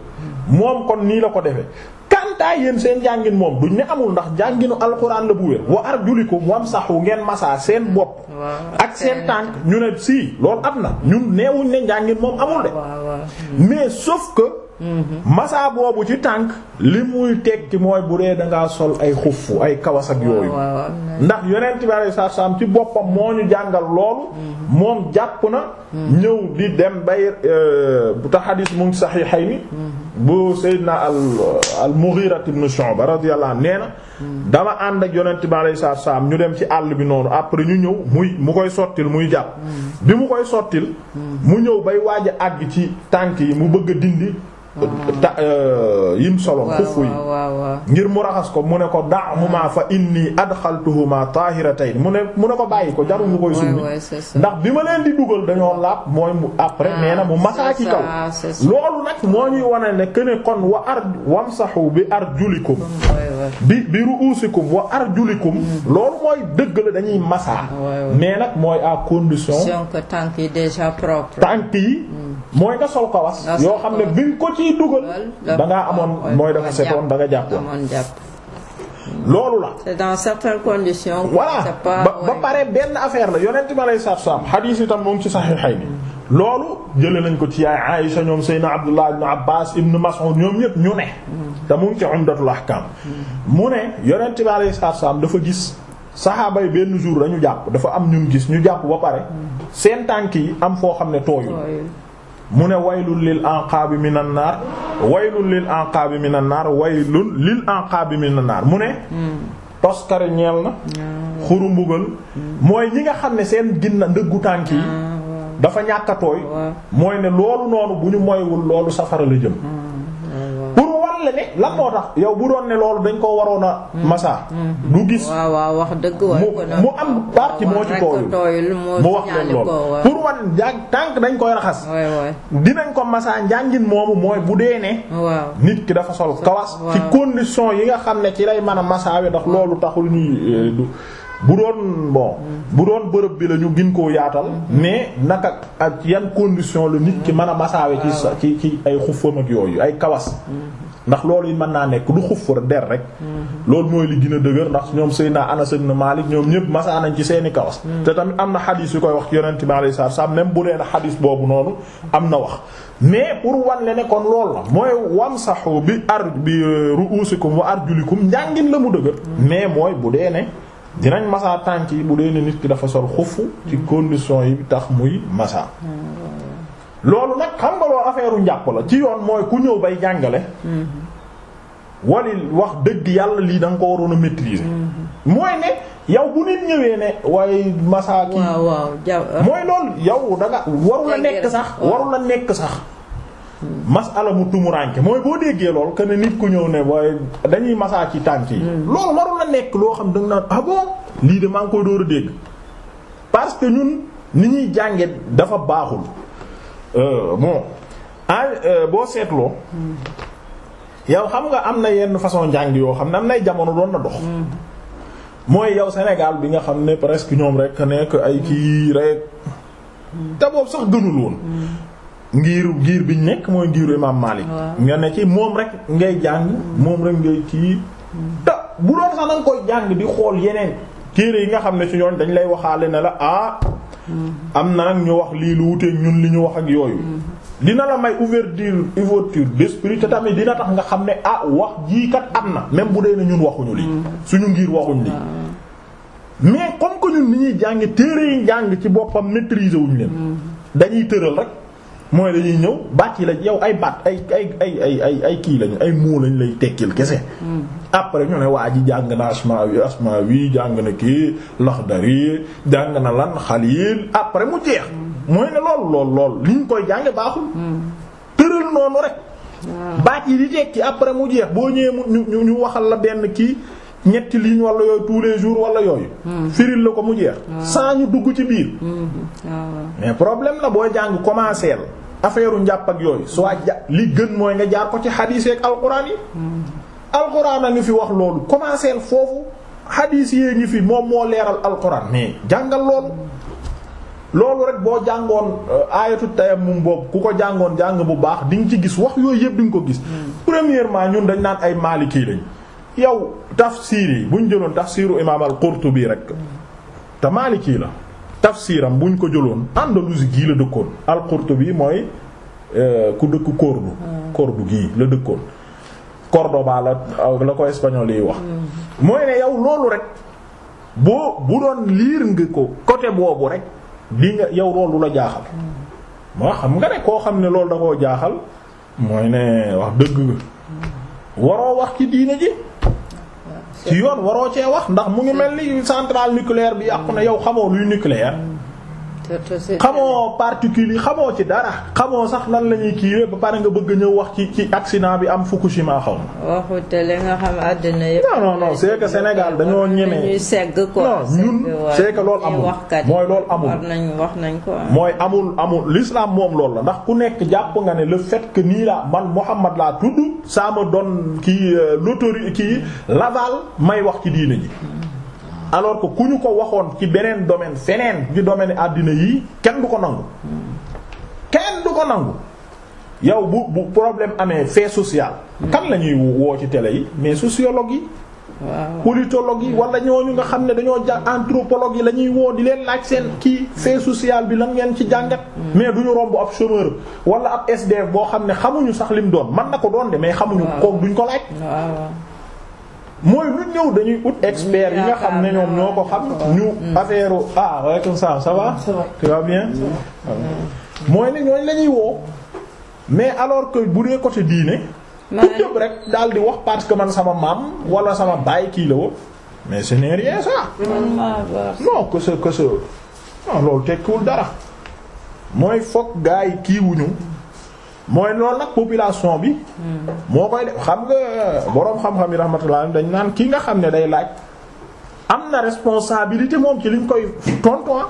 moom kon nii la ko defee kantaa yéen seen njàngin moom duñ ne amul ndax njànginu alxuraan la bu wér wa sax wu ngeen masaa seen bopp ak seen tànk ñu ne sii loolu am na ñu neewuñ ne njàngin moom amul de mais sauf que mhm. masaa boobu ci tànk li muy tekki mooy bu dee dangaa sol ay xuff ay kawas ak yooyu ndax yeneen bi alayhi salaam ci boppam moo ñu jàngal loolu mhm. moom jàpp na mhm. ñëw di dem bay euh, bu tax hadis mu ngi saxiixayni bu Seydina al euh, al Mughira ibn ba radiyallahu anhu nee na dama ànd ak yonent bi alayhi salaatu salaam ñu dem ci àll bi noonu après ñu ñëw muy mu koy sottil muy jàpp mm. bi mu koy sottil mm. mu ñëw bay waaj a àgg ci tànk yi mu bëgg a dindi ta euh, yim solo xufu yi ngir mu raxas ko mu ne ko daamuma fa inni adxaltuhuma tahiratayn mu ne mu ne ko bàyyi ko jarul mu koy summi ndax bi ma leen di dugal dañoo laab mooy mu après ah, nee na mu masaa ci kaw loolu nag moo ñuy wane ne këne kon wa ar wamsahu bi arjulikum mm, bi bi ru'usikum wa arjulikum mm. loolu mooy dëgg la dañuy masaa mais nag mooy à condition que tànk yi tànk yi mm. mooy nga sol kawas yoo xam ne bi nga ko ciy dugal da ngaa amoon mooy dafa setoon da nga jàppoon loolu la. c'est dans certaines conditions. voilà ba ba pare benn affaire la yonent ma lay saaf saaf xadiis itam moom ngi ci Sahihayni loolu jëlee nañ ko ci yaay Aïsha ñoom Seydina Abdullah ibn Abbas ibn Mas'ud ñoom ñëpp ñu ne. Mm. te mu ngi ci Umdatul Ahkam mm. mu ne yonent ma lay saaf saaf dafa gis saxaaba yi benn jour dañu jàpp dafa am ñun gis ñu jàpp ba pare mm. seen tànk yi am foo xam ne tooyul. mu ne waylun lil anqaabi minan naar waylun lil anqaabi minan naar waylun lil anqaabi minan naar mu ne toskare ñeel na xuru mooy ñi nga xam ne seen ginna ndëggu tànk yi ah, dafa ñàkkatooy mooy ne loolu noonu bu ñu moywul loolu safara la jëm hmm. la moo tax yow bu doon ne loolu dañ koo waroon a massa du gis waaw waaw wax dëgg mu am partie moo ci tooyul mu wax leen loolu pour wan jàng tànk dañ koy raxas dinañ ko massa njàngin moomu mooy bu dee ne nit ki dafa sol kawas ci condition yi nga xam ne ci lay mën a massaawe ndax loolu taxul nii eh, du bu doon bon bu bërëb bi la ñu gin koo yaatal mm-hmm. mais naka ak yan condition la nit ki mën a masaawe ci ci ci ay xufam ak yooyu ay kawas mm-hmm. ndax loolu yi mën naa nekk du xufur der rek mm-hmm. loolu mooy li gën a dëgër ndax ñoom Seydina Anas ibn Malik ñoom ñëpp masaa nañ ci seeni kawas mm-hmm. te tamit am na xadiis yu koy wax ci yonente bi alayhi salaam même bu dee na xadiis boobu noonu am na wax mais pour wan le ne kon loolu la mooy wamsahu bi ar bi ru'usikum wa arjulikum njàngin la mu dëgër mm-hmm. mais mooy bu dee ne dinañ masaa tànk yi bu dee ne nit ki dafa sol xufu ci condition yi tax muy masaa loolu nag xam nga loolu affaire u njàpp la ci yoon mooy ku ñëw bay jàngale. Mm-hmm. walil wax dëgg yàlla lii danga ko waroon a maîtriser. Mm-hmm. mooy ne yow bu nit ñëwee ne waaye masaaki. waaw ah. mooy loolu yow da nga. waru nekk sax waru mm-hmm. masala mu tumuraanke mooy boo déggee lool que ne nit ku ñëw ne waaye dañuy masaa ci tànk yi. loolu waru la nekk loo xam da nga naan ah lii de maa ngi koy dóor a dégg. parce que ñun ni ñuy jànge dafa baaxul. Euh, bon en euh, boo seetloo yow xam nga am na yenn façon njàng yoo xam ne am nay jamono doon na dox mooy yow senegal bi nga xam ne presque ñoom rek nekk ay kii rek te boobu sax gënul woon ngir bi biñ nekk mooy ngiru Imam Malik nga ne ci moom rek ngay jàng moom rek ngay kii te bu doon sax na nga koy jàng di xool yeneen téere yi nga xam ne ci ñoon dañ lay waxaale ne la ah am na nag ñu wax lii lu wutee ñun li ñu wax ak yooyu dina la may ouverture ouverture d'esprit te tamit dina tax nga xam ne ah wax jii kat am na même bu dee na ñun waxuñu lii suñu ngir waxuñ lii mais comme que ñun ni ñuy jàng téere yi jàng ci boppam maîtriser wuñ leen dañuy tëral rek mooy dañuy ñëw baat yi la yow ay baat ay ay ay ay ay kii lañu ay moo lañ lay tekkil kese après ñu ne waa ji jàng na Asmaawi Asmaawi jàng na kii Laxdari jàng na lan Xaliil après mu jeex mooy ne lool lool lool liñ koy jànge baaxul hmm. tëral noonu rek baat yi di tekki après mu jeex boo ñëwee mu ñu ñu waxal la benn kii ñetti ligne wala yooyu tous les jours wala yooyu. Hmm. firil la ko mu jeex. sans ñu dugg ci biir. Hmm. mais problème la booy jàng commencé la. affaire njàpp ak yooyu soit ja li gën mooy nga jaar ko ci hadith ak alquran yi. alxuraan a ngi fi wax loolu commencé foofu hadis yee ngi fi moom moo leeral alxuraan mais jàngal loolu loolu rek boo jàngoon euh, aayatu tayammum boobu ku ko jàngoon jàng bu baax di nga ci gis wax yooyu yëpp di nga ko gis hmm. premièrement ñun dañ naan ay maalikii lañ yow tafsiir yi bu ñu jëloon tafsiiru imaam al bii rek te maalikii la tafsiiram bu ñu ko jëloon Andalousie gii la dëkkoon al bii mooy euh, ku dëkk Cordoue hmm. Cordoue gii la dëkkoon Cordoba la la ko espagnol yi wax. mooy ne yow loolu rek boo bu doon liir nga ko côté boobu rek di nga yow loolu la jaaxal. moo xam nga ne koo xam ne loolu da koo jaaxal mooy ne wax dëgg waroo wax ci diine ji. ci yoon waroo cee wax ndax mu ngi mel ni central nucléaire bi yàqu na yow xamoo luy nucléaire. xamoo particules yi xamoo ci dara. xamoo sax lan la ñuy kiiwee ba pare nga bëgg ñëw wax ci ci accident bi am Fukushima xaw ma. waxu te li nga dañoo ñeme. ñuy segg ko non ñun c'est que amul mooy loolu amul. wax nañ mooy amul amul l'islam moom loolu la ndax ku nekk jàpp nga ne le fait nii la man Muhammad laa tudd saa ma doon kii euh, l'autorité ci l'aval may wax ci diine ji. alors que ku ñu ko waxoon ci beneen domaine feneen di domaine àddina yii kenn du ko nangu kenn du ko nangu yow bu bu problème amee fait social kan la ñuy woo ci télé yi mais sociologue yi politologue yi wala ñu nga xam ne dañoo jàng anthropologue yi la ñuy woo di leen laaj seen kii fait social bi lan ngeen ci jàngat mm. mais du ñu romb ab chômeur wala ab SDF boo xam ne xamuñu sax lim doon man na ko doon de mais xamuñu kook duñ ko laaj mooy lu ñëw dañuy ut expert yi nga xam ne ñoom ñoo ko xam ñu affaire ah waaleykum salaam ça va tu mooy ne ñooñ la ñuy woo mais alors que bu dee côté diine ku jëb rek daal di wax parce que man sama maam wala sama baay kii la woon mais ce n'est rien ça non loolu tekkiwul dara mooy foog gaa yi kiiwuñu mooy loolu nag population bi. moo koy def xam nga boroom xam-xam yi rahmatullah dañ naan ki nga xam ne day laaj. am na responsabilité moom ci liñ koy tontu ah.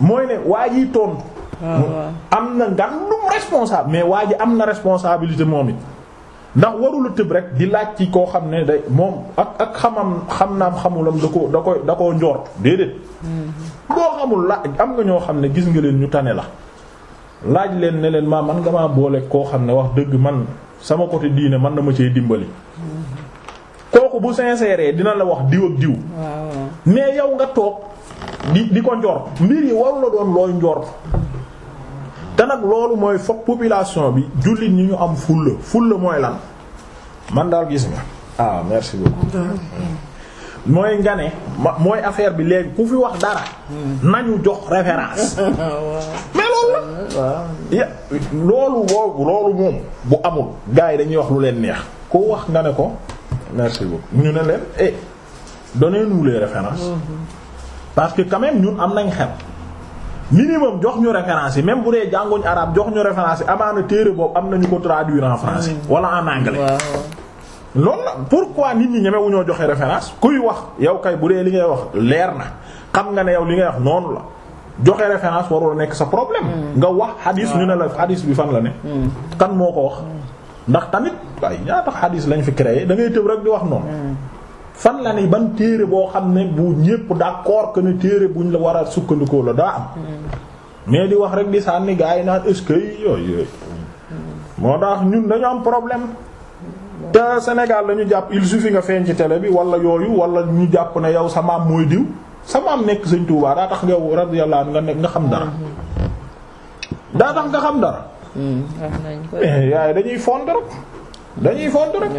mooy ne waa jiy tontu. Ah, am na ngandum mais waa ji am na responsabilité moom it. ndax warula tëb rek di laaj ci koo xam ne day moom ak ak xamam xam naam xamulam da ko da ko da koo njort déedéet. Mm-hmm. boo xamul laaj am nga ñoo xam ne gis nga leen ñu tane la. laaj leen ne leen maa man nga maa boole koo xam ne wax dëgg man sama côté diine man na ma cee dimbali kooku bu sincère dina la wax diw ak diw mais yow nga toog di di ko njor mbir yi waru la doon looy njor te nag loolu mooy foog population bi jullit ñi ñu am fulla fulla mooy lan man daal gis nga ah merci beaucoup mooy nga ne mooy affaire bi léegi ku fi wax dara nañu jox référence mais loolu la loolu boobu loolu moom bu amul gars yi dañuy wax lu leen neex ko wax nga ne ko merci beaucoup ñu ne leen eh donnez-nous mm-hmm. parce que quand ñun am nañ xel minimum jox ñu référence yi même bu dee jànguñ araab jox ñu référence yi amaana téere boobu am nañu ko traduire en français mm. wala en loolu la pourquoi nit ñi ñemewu ñoo joxe référence kuy wax yow kay bu dee li ngay wax leer na xam nga ne yow li ngay wax noonu la joxe référence warul nekk sa problème. Mm. nga wax hadis ñu ne la hadis bi fan la ne. Mm. kan moo ko wax. Mm. ndax tamit waaye ñaata hadis lañ fi créé da ngay rek di wax noonu. fan la ne ban téere boo xam ne bu ñépp d'accord que ne téere buñ la war a sukkandikoo la daa am. mais di wax rek di sànni gars yi naan est-ce que yooyu yooyu. moo tax ñun dañu am problème. te Sénégal la ñu jàpp il yi nga feeñ ci télé bi wala yooyu wala ñu jàpp ne yow sa maam mooy diw sa maam nekk Sëriñ Tuubaa daa tax nga radiyallahu anhu nga nekk nga xam dara. daa nga xam dara. Eh, dañuy font rek. dañuy font rek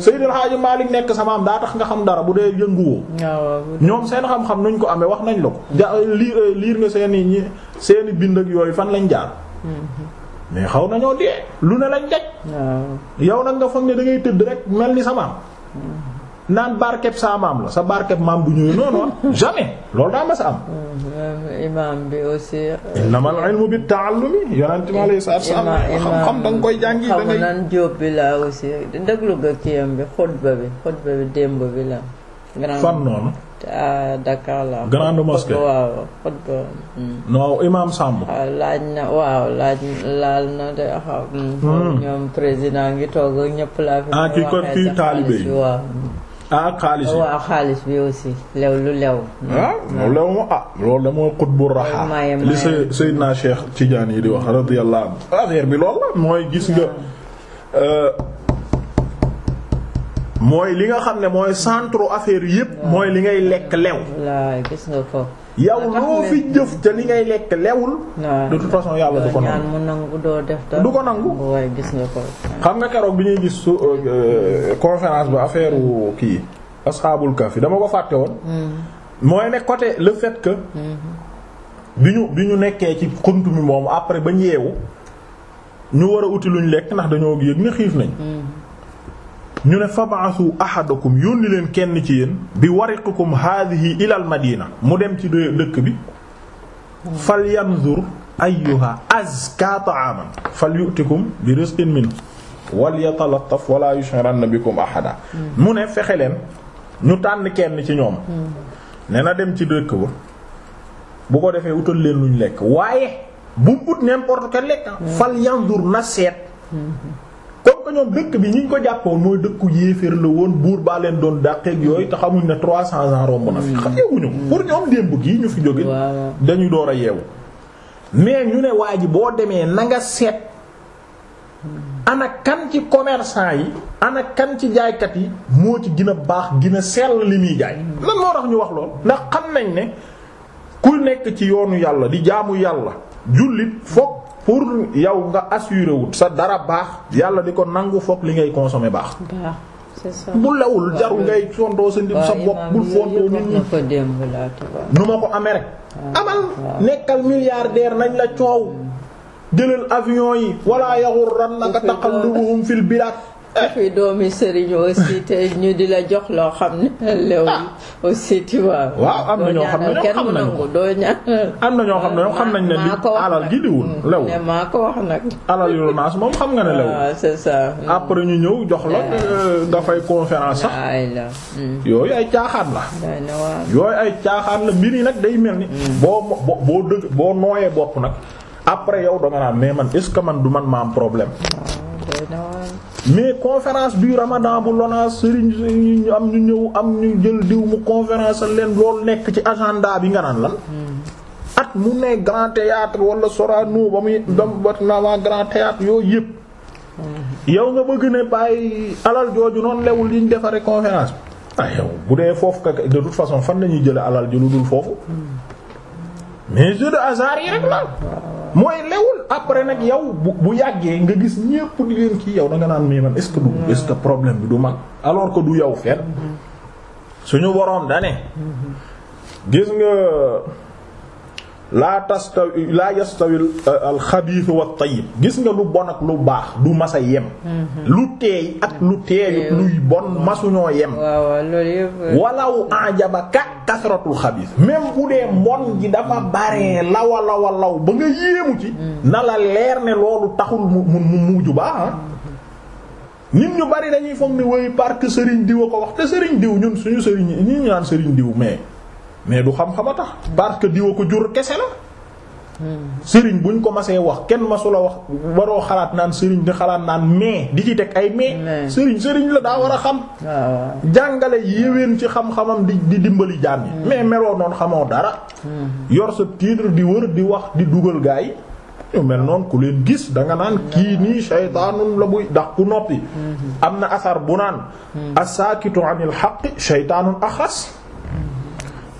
Seydil Hadji Malick nekk sa maam daa tax nga xam dara bu dee yënguwoo ah, ñoom seen xam-xam nuñ ko amee wax nañ la ko. ja liir liir nga seeni i ñi seen bind ak yooyu fan lañ jaar. Mm-hmm. mais xaw nañoo dee lu ne lañ daj. yow nag nga foog ne da ngay tëdd rek mel ni sa maam. Mm-hmm. naan barkeb sa maam la sa barkeb maam bu ñëwee noonu ah. jamais loolu daa ma sa am. Mm-hmm. imaam bi aussi. Euh, innamal ilmu bit ta'allumi yonent mi alayhi salaatu koy jàngi. da ngay xaw naan Diop bi laa aussi déglu nga kiyam bi xutba bi xutba bi démb bi la. fan noonu. à ah, Dakar la. grande mosquée waaw xutba. Hmm. non Imaam Samb. Ah, laaj na waaw laaj laal na de xam. Hmm. ñoom président ngi toog ak ñëpp laa fi. ah ki kon kii ah, yi waaw. ah xaalis bi aussi lew lu lew. Hmm. ah lew ma ah loolu da moo xutbu raxaa li say Seydina Cheikh Tidiane yi di wax radiyallahu anhu affaire bi loolu la mooy gis nga. Euh, mooy li nga xam ne mooy centre affaire yépp mooy li ngay lekk lew yow loo fi jëf ca li ngay lekk lewul de toute façon yàlla du ko nangu du ko nangu xam nga keroog bi ñuy gis su euh, euh, conférence ba affaire kii asxaabul kahfi dama ko fàtte woon hmm. mooy ne côté le fait hmm. bi ñu bi ñu nekkee ci xunt mi moom après ba ñu yeewu ñu war a uti luñ lekk ndax dañoo yëg ne xiif nañ hmm. ñu ne fab'athu ahadakum yónni leen kenn ci yéen bi wariqikum hadhihi ila al madina mu dem ci dëkk bi fal falyanzur ayyuha azka ta'aman falyutikum bi rizqin minhu walyatalattaf wala yush'iranna bikum ahada mu ne fexe leen ñu tànn kenn ci ñoom ne na dem ci dëkk ba bu ko defee utal leen luñ lekk waaye bu but n'importe quel lekk hmm. fal yanzur na seet hmm. comme que ñoom bi ñi ñu ko jàppoon mooy dëkku yéeféer la woon buur baa leen doon dàqeeg yooyu te xamuñ ne 300 ans romb na fi. Hmm. xamuñu pour ñoom démb gii ñu fi jóge dañu door a yeewu. mais ñu ne waa ji boo demee na nga seet ana kan ci commerçant yi. ana kan ci jaaykat yi. moo ci gina a baax gën a sell li muy jaay. Hmm. lan moo tax ñu wax lool ndax xam nañ ne ku nekk ci yoonu yàlla di jaamu yàlla jullit fokk. pour yow nga assuré wut sa dara baax yàlla di ko nangu foog li ngay consommer baax. bu lewul jarul ngay fontoo sa ndim sa bopp bul fontoo nit ñi nu ma ko amee rek amal nekkal milliardaire nañ la coow mm. jëlal avion yi wala yaxurrannaka taqallubuhum fil bilad fi doomi sëriñ aussi te ñu di la jox loo xam ne lew aussi waaw am na ñoo xam ne kenn nangu doo ñaan. am ñoo xam ne ñoom nañ ne li alal gi diwul lew. maa ko wax nag. alal yu naas moom xam nga ne lew. waaw ah, c'est ça. après ñu ñëw jox la ah. euh, nga fay conférence sax. Hmm. yooyu ay caaxaan la. yooyu ay caaxaan la mbir yi nag day mel ni. Hmm. boo boo dëgg boo nooyee bopp nag après yow danga naan mais man est-ce que man du man ma am problème. Ah, mais conférence bi ramadan bu lonaas sëriñ ñu am ñu ñëw am ñu jël diw mu conférence leen loolu nekk ci agenda bi nga naan lan hmm. at mu ne grand théâtre wala Sorano ba muy dom bat navant grand théâtre yooyu yëpp hmm. yow nga bëgg ne bàyyi alal jooju noonu lewul liñ defaree conférence bi ah yow bu dee foofu ka de toute façon fan la ñuy jële alal ji lu dul foofu hmm. mais jeu de hasard yi rek la mooy lewul après nag yow bu bu yàggee nga gis ñépp di leen kii yow da nga naan mais man est-ce que du est que problème bi du mag alors que du yow fenn mm-hmm. suñu boroom dane gis nga laa tastawi laa yastawi alxabiis wa tayyib gis nga lu bon ak lu baax du masa yem mhm. lu teey ak lu teeyut luy bon masuñoo yem euh. walaw ajabaka kasratul xabiis même bu dee mbon ji dafa bare mhm. lawa lawa law ba nga yéemu ci mhm. na la leer ne loolu taxul mu mu mujju baax ah. nit ñu bari dañuy foog ni woyu parce que sëriñ diw a ko wax te sëriñ diw ñun suñu sëriñ ñi ñu naan sëriñ diw mais mais du xam-xam a tax parce que diwa ko jur kese la. sëriñ buñ ko masee wax kenn masu la wax waroo xalaat naan sëriñ di xalaat naan mais di ci teg ay mais. sëriñ sëriñ la daa war a xam. Ah, jàngale yéwén ci xam-xamam di di dimbali jaam hmm. mais meloo noonu xamoo dara. Hmm. yor sa titre di wër di wax di dugal gaa yi. ñu mel noonu ku leen gis da nga naan hmm. kii nii shaytaanun la buy ndax ku noppi. am na asar bu naan. as-saakitu anil haqqi shaytaanun axas.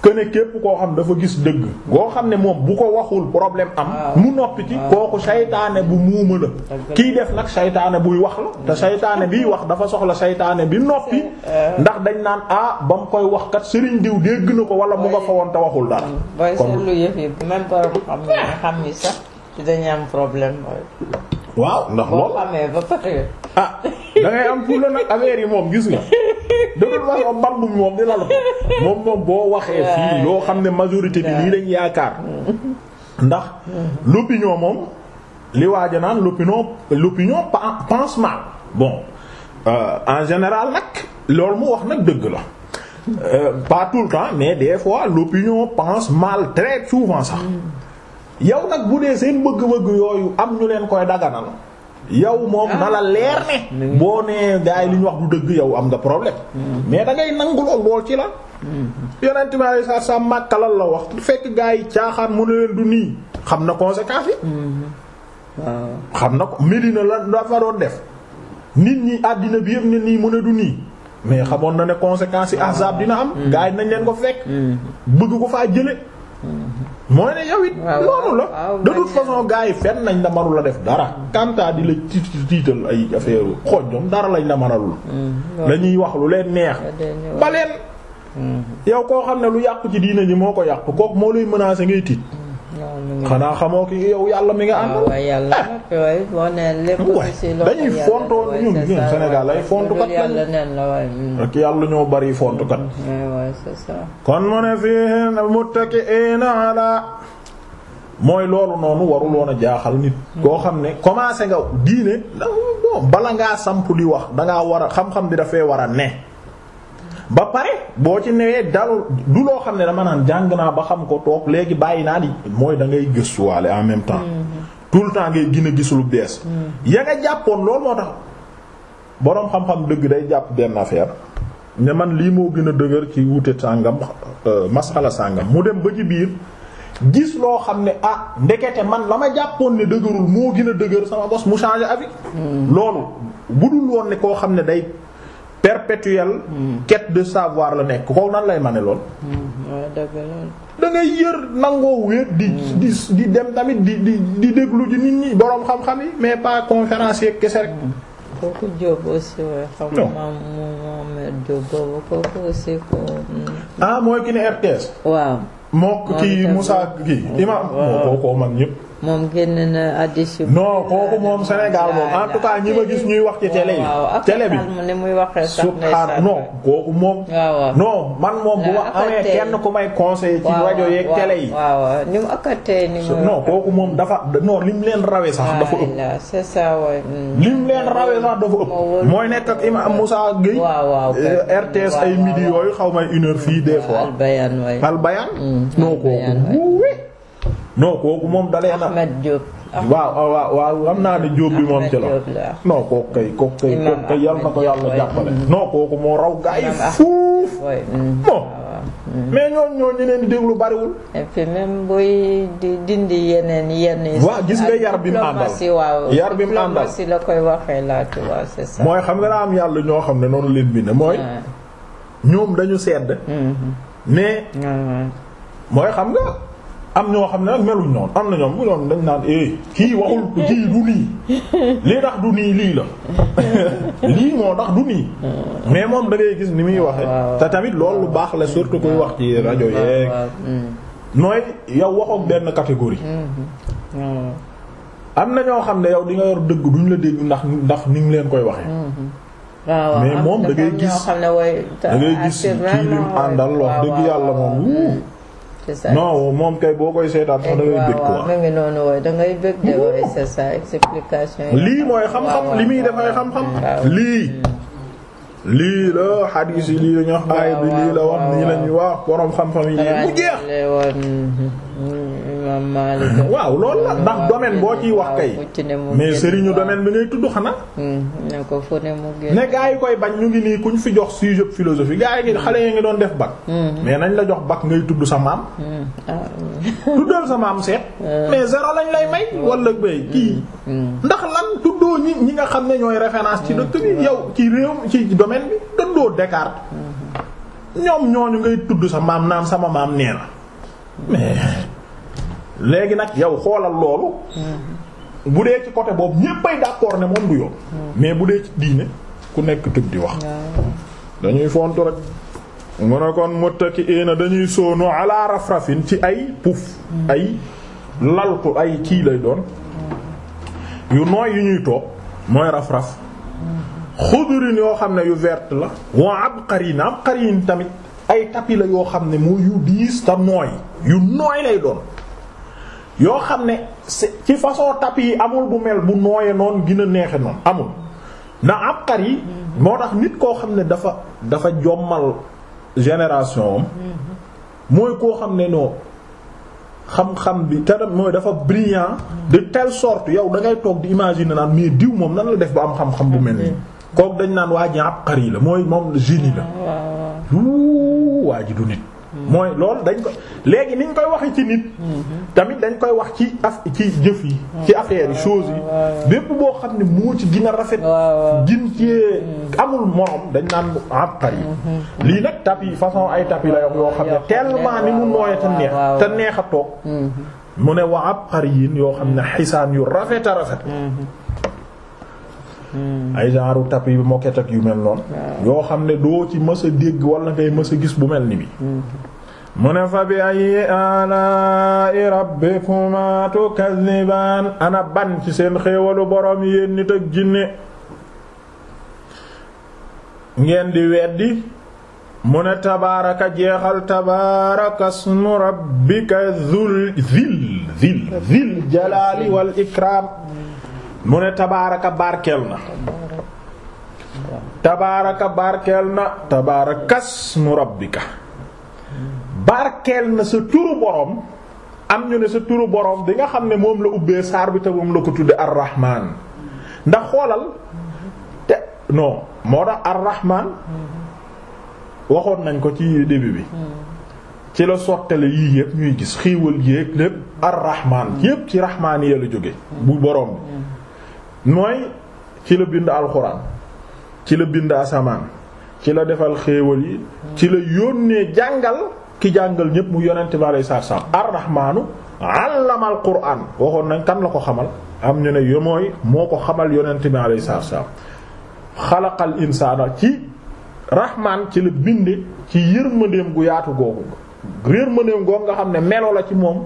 que ne képp koo xam dafa gis dëgg goo xam ne moom bu ko waxul problème am ah. mu noppi ci ah. kooku saytaane bu muuma la kiy def nag saytaane buy wax la te saytaane biy wax dafa soxla saytaane bi noppi eh. ndax dañ naan ah bam koy wax kat sëriñ diw dégg na ko wala mu nga ko woon te waxul dara kon xam ni sax dañu am problème waaw ndax loolu ah da ngay am fulla nag affaire yi moom gis nga dëgg la moom mbagg moom di la moom moom boo waxee fii loo xam ne majorité bi lii lañ yaakaar ndax l'opinion moom li waaja naan l'opinion l'opinion pense mal bon euh, en général nag loolu mu wax nag dëgg la euh, pas tout le temps mais des fois l'opinion pense mal très souvent sax mm. yow nag bu dee seen bëgg-bëgg yooyu am ñu leen koy daganal yow moom ah. na la leer ne boo nee gars yi li ñu wax du dëgg yow am nga problème hmm. mais da ngay nangu lool lool ci la hmm. yonent bi alei satu salaam Makka lan la wax fekk gars yi caaxaan mu ne leen du nii xam na conséquence hmm. ah. xam na ko Medina la dafa doon def nit ñi àddina bi yëpp ne nii mu ne du nii mais xamoon na ne conséquence yi ah. ahzab dina am gars yi nañ leen ko fekk bëgg ko faa jële mooy ne yow loolu la de façon gars yi fen nañ la mënul def dara kantaa di la tiital ay affaire xonjom dara lañ la mënalul mm, lañuy wax lu leen neex baleen mm. yow koo xam ne lu yàqu ci diina ji moo ko yàq kook moo lay menacer ngay tiit xanaa xamoo ki yow yàlla mi nga àndal. Ah, waaw yàlla eh! waaye boo nee lépp ci loxo dañuy fontoo ñun ñun Sénégal ay fontukat lañu. ak yàlla ñoo mm, mu ne fiihinna muttaki'iina mooy loolu noonu warul a jaaxal nit. Mm. koo xam ne commencé nga diine bala ngaa samp di wax dangaa war a xam-xam bi dafee war a ne. ba pare boo ci newee dalul du loo xam ne dama naan jàng naa ba xam ko toog léegi bàyyi naa di mooy da ngay gëstuwaale en même temps mm-hmm. tout le temps ngay gën a gis bees mm-hmm. ya nga jàppoon loolu moo tax boroom xam-xam dëgg day jàpp benn affaire ne man lii moo gën a dëgër ci wute tàngam euh, maskala sàngam mu dem ba ci biir gis loo xam ne ah ndekete man la ma jàppoon ne dëgërul moo gën a dëgër sama bos mu changer avis mm-hmm. loolu budul woon ne koo xam ne day perpétuelle quête de savoir la nekk kow nan lay mane lool mm-hmm. da yër nangoo wéet mm. di di dem tamit di di di déglu ji nit ñi boroom xam-xam yi mais pas conférencier kese rek mm. kooku Diop aussi waaye xam nga moom Diop boobu kooku mm. ah, ki ne RTS waaw moo kii Moussa kii imam moo kooku man ñépp moom génn na addis yu. kooku moom Sénégal moom en ñi ma gis ñuy wax ci télé yi. télé bi mu ne muy waxee sax subxan non kooku moom. non man moom bu ma amee kenn ku may conseil ci rajo yeeg télé yi. ni mu akkatee ni mu. kooku moom dafa non lim leen rawe sax dafa ëpp. c'est ça waay. Mm. lim leen rawee sax dafa RTS euh, ay midi yooyu xaw may une fii des fois. Al Bayaan waay Al Bayaan. Mm, non non kooku moom dalee na. Ahmed Diop. waaw waaw waaw am naa ne Diop bi moom ci la. non kooku kooku yàlla jàppale. non moo raw gaa yi fuuf. bon mm. mm. mais ñooñu di déglu yenn yi. yar bi mu yar bi mu àndal si la koy waxee laa tu vois mooy xam nga daa am yàlla ñoo xam ne noonu leen bind mooy. ñoom dañu sedd. Mm-hmm. mais. mooy xam nga. am ñoo xam ne nag meluñ noonu am na ñoom bu ñoom dañ naan eh kii waxul kii du nii lii tax du nii lii la lii moo tax du nii ah. mais moom da gis ni muy waxe te tamit loolu lu baax la surtout kuy wax ci rajo yeeg mm. nooy yow waxoog benn catégorie mm-hmm. am na ñoo xam ne yow di nga yor dëgg duñ la dégg ndax ndax ni ngi leen koy waxee mm-hmm. waaw mais moom da gis da ah, gis kii lim àndal wax dëgg yàlla moom c'est ça non moom kay boo koy seetaan sax da ngay bëgg da ngay bëgg de wooy c'est ça explication lii mooy xam-xam li muy dafay xam-xam lii lii la xadiis yi lii la ñu wax aay bi lii la wax nii lañuy wax borom xam-xam yi mu jeex imaam Maalik waaw lool la ndax domaine boo ciy wax kay. mais sëriñu domaine bi ngay tudd xanaa. Hmm, ne ko fu ne mu génn. ne gaa yi koy bañ ñu ngi nii kuñ fi jox sujet philosophie gaa yi ngi xale yi ngi doon def bac. Hmm. mais nañ la jox bac ngay tudd sa maam. Hmm, ah, tuddal sa maam seet. Euh. mais zéro lañ lay may. walla bay kii. ndax lan tuddoo ñi ñi nga xam ne ñooy référence ci dëkk bi yow ci réew ci domaine bi tuddoo Descartes. ñoom ñooñu ngay tudd sa maam naan sama maam nee na léegi nag yow xoolal loolu bu dee ci côté boobu ñéppay d'accord ne moom du yoon mais bu dee ci diine ku nekk tëb di wax dañuy fontu rek mu ne kon muttaki'ina dañuy sóonoo ala rafrafin ci ay puf mm. ay laltu ay kii lay doon yu nooy yu ñuy toog mooy rafraf mm-hmm. xudurin yoo xam ne yu verte la wa abqarin abqarin tamit ay tapi la yoo xam ne mooy yu diis te nooy yu nooy lay doon yoo xam ne ci façon tapis yi amul bu mel bu nooyee noonu gina a neexe noonu amul na abqar yi moo tax nit koo xam ne dafa dafa jommal génération mooy koo xam ne noo xam-xam bi te mooy dafa brillant de telle sort yow da ngay toog di imaginer naan mais diw moom nan la def ba am xam-xam bu mel nii kook dañ naan waa ji abqar yi la mooy moom génie la ah, waa ji du nit mooy lool dañ ko léegi niñ koy waxee ci nit tamit dañ koy wax ci af ci jëf yi ci affaire yi choses yi bépp boo xam ne moo ci gën rafet gin ci mm. amul morom dañ naan abtar yi mm-hmm. lii nag tap yi façon ay tap la yoo xam ne tellement ni mu nooye te neex te neex a toog mm-hmm. mu ne wa abtar yin yoo xam ne xisaan yu rafet a rafet mm-hmm. ay genre tap yi moket ak yu mel noonu yoo xam ne doo ci mës dégg wala ngay mës gis bu mel ni bi mu ne fa bi ay alaa'i rabbikumaa tukazzibaan ana ban ci seen xéewalu boroom yéen nit ak jinne ngeen di weddi mu ne tabaaraka jeexal tabaaraka smu rabbika zul zil zil zil jalaali wal ikraam mu ne tabaaraka barkeel na tabaaraka barkeel rabbika barkeel na sa turu boroom am ñu ne sa turu boroom bi nga xam ne moom la ubbee saar bi te moom la ko tudde arrahman ndax xoolal te non moo tax arrahman waxoon nañ ko ci début bi ci la sottale yii yëpp ñuy gis xiiwal yéeg lépp arrahman ci rahmaan yi la jóge bu boroom bi mooy ci la bind alxuraan ci la bind asamaan ci la defal xéewal yi ci la yónnee jàngal ki jàngal ñépp mu yonente bi alayhi salaam arrahmaanu allama al quraan waxoon nañ kan la ko xamal am ñu ne yo moo ko xamal yonente bi alayhi salaam xalaqal insaana ci rahmaan ci la ci yërmandeem gu yaatu googu yërmandeem googu nga ne melo la ci moom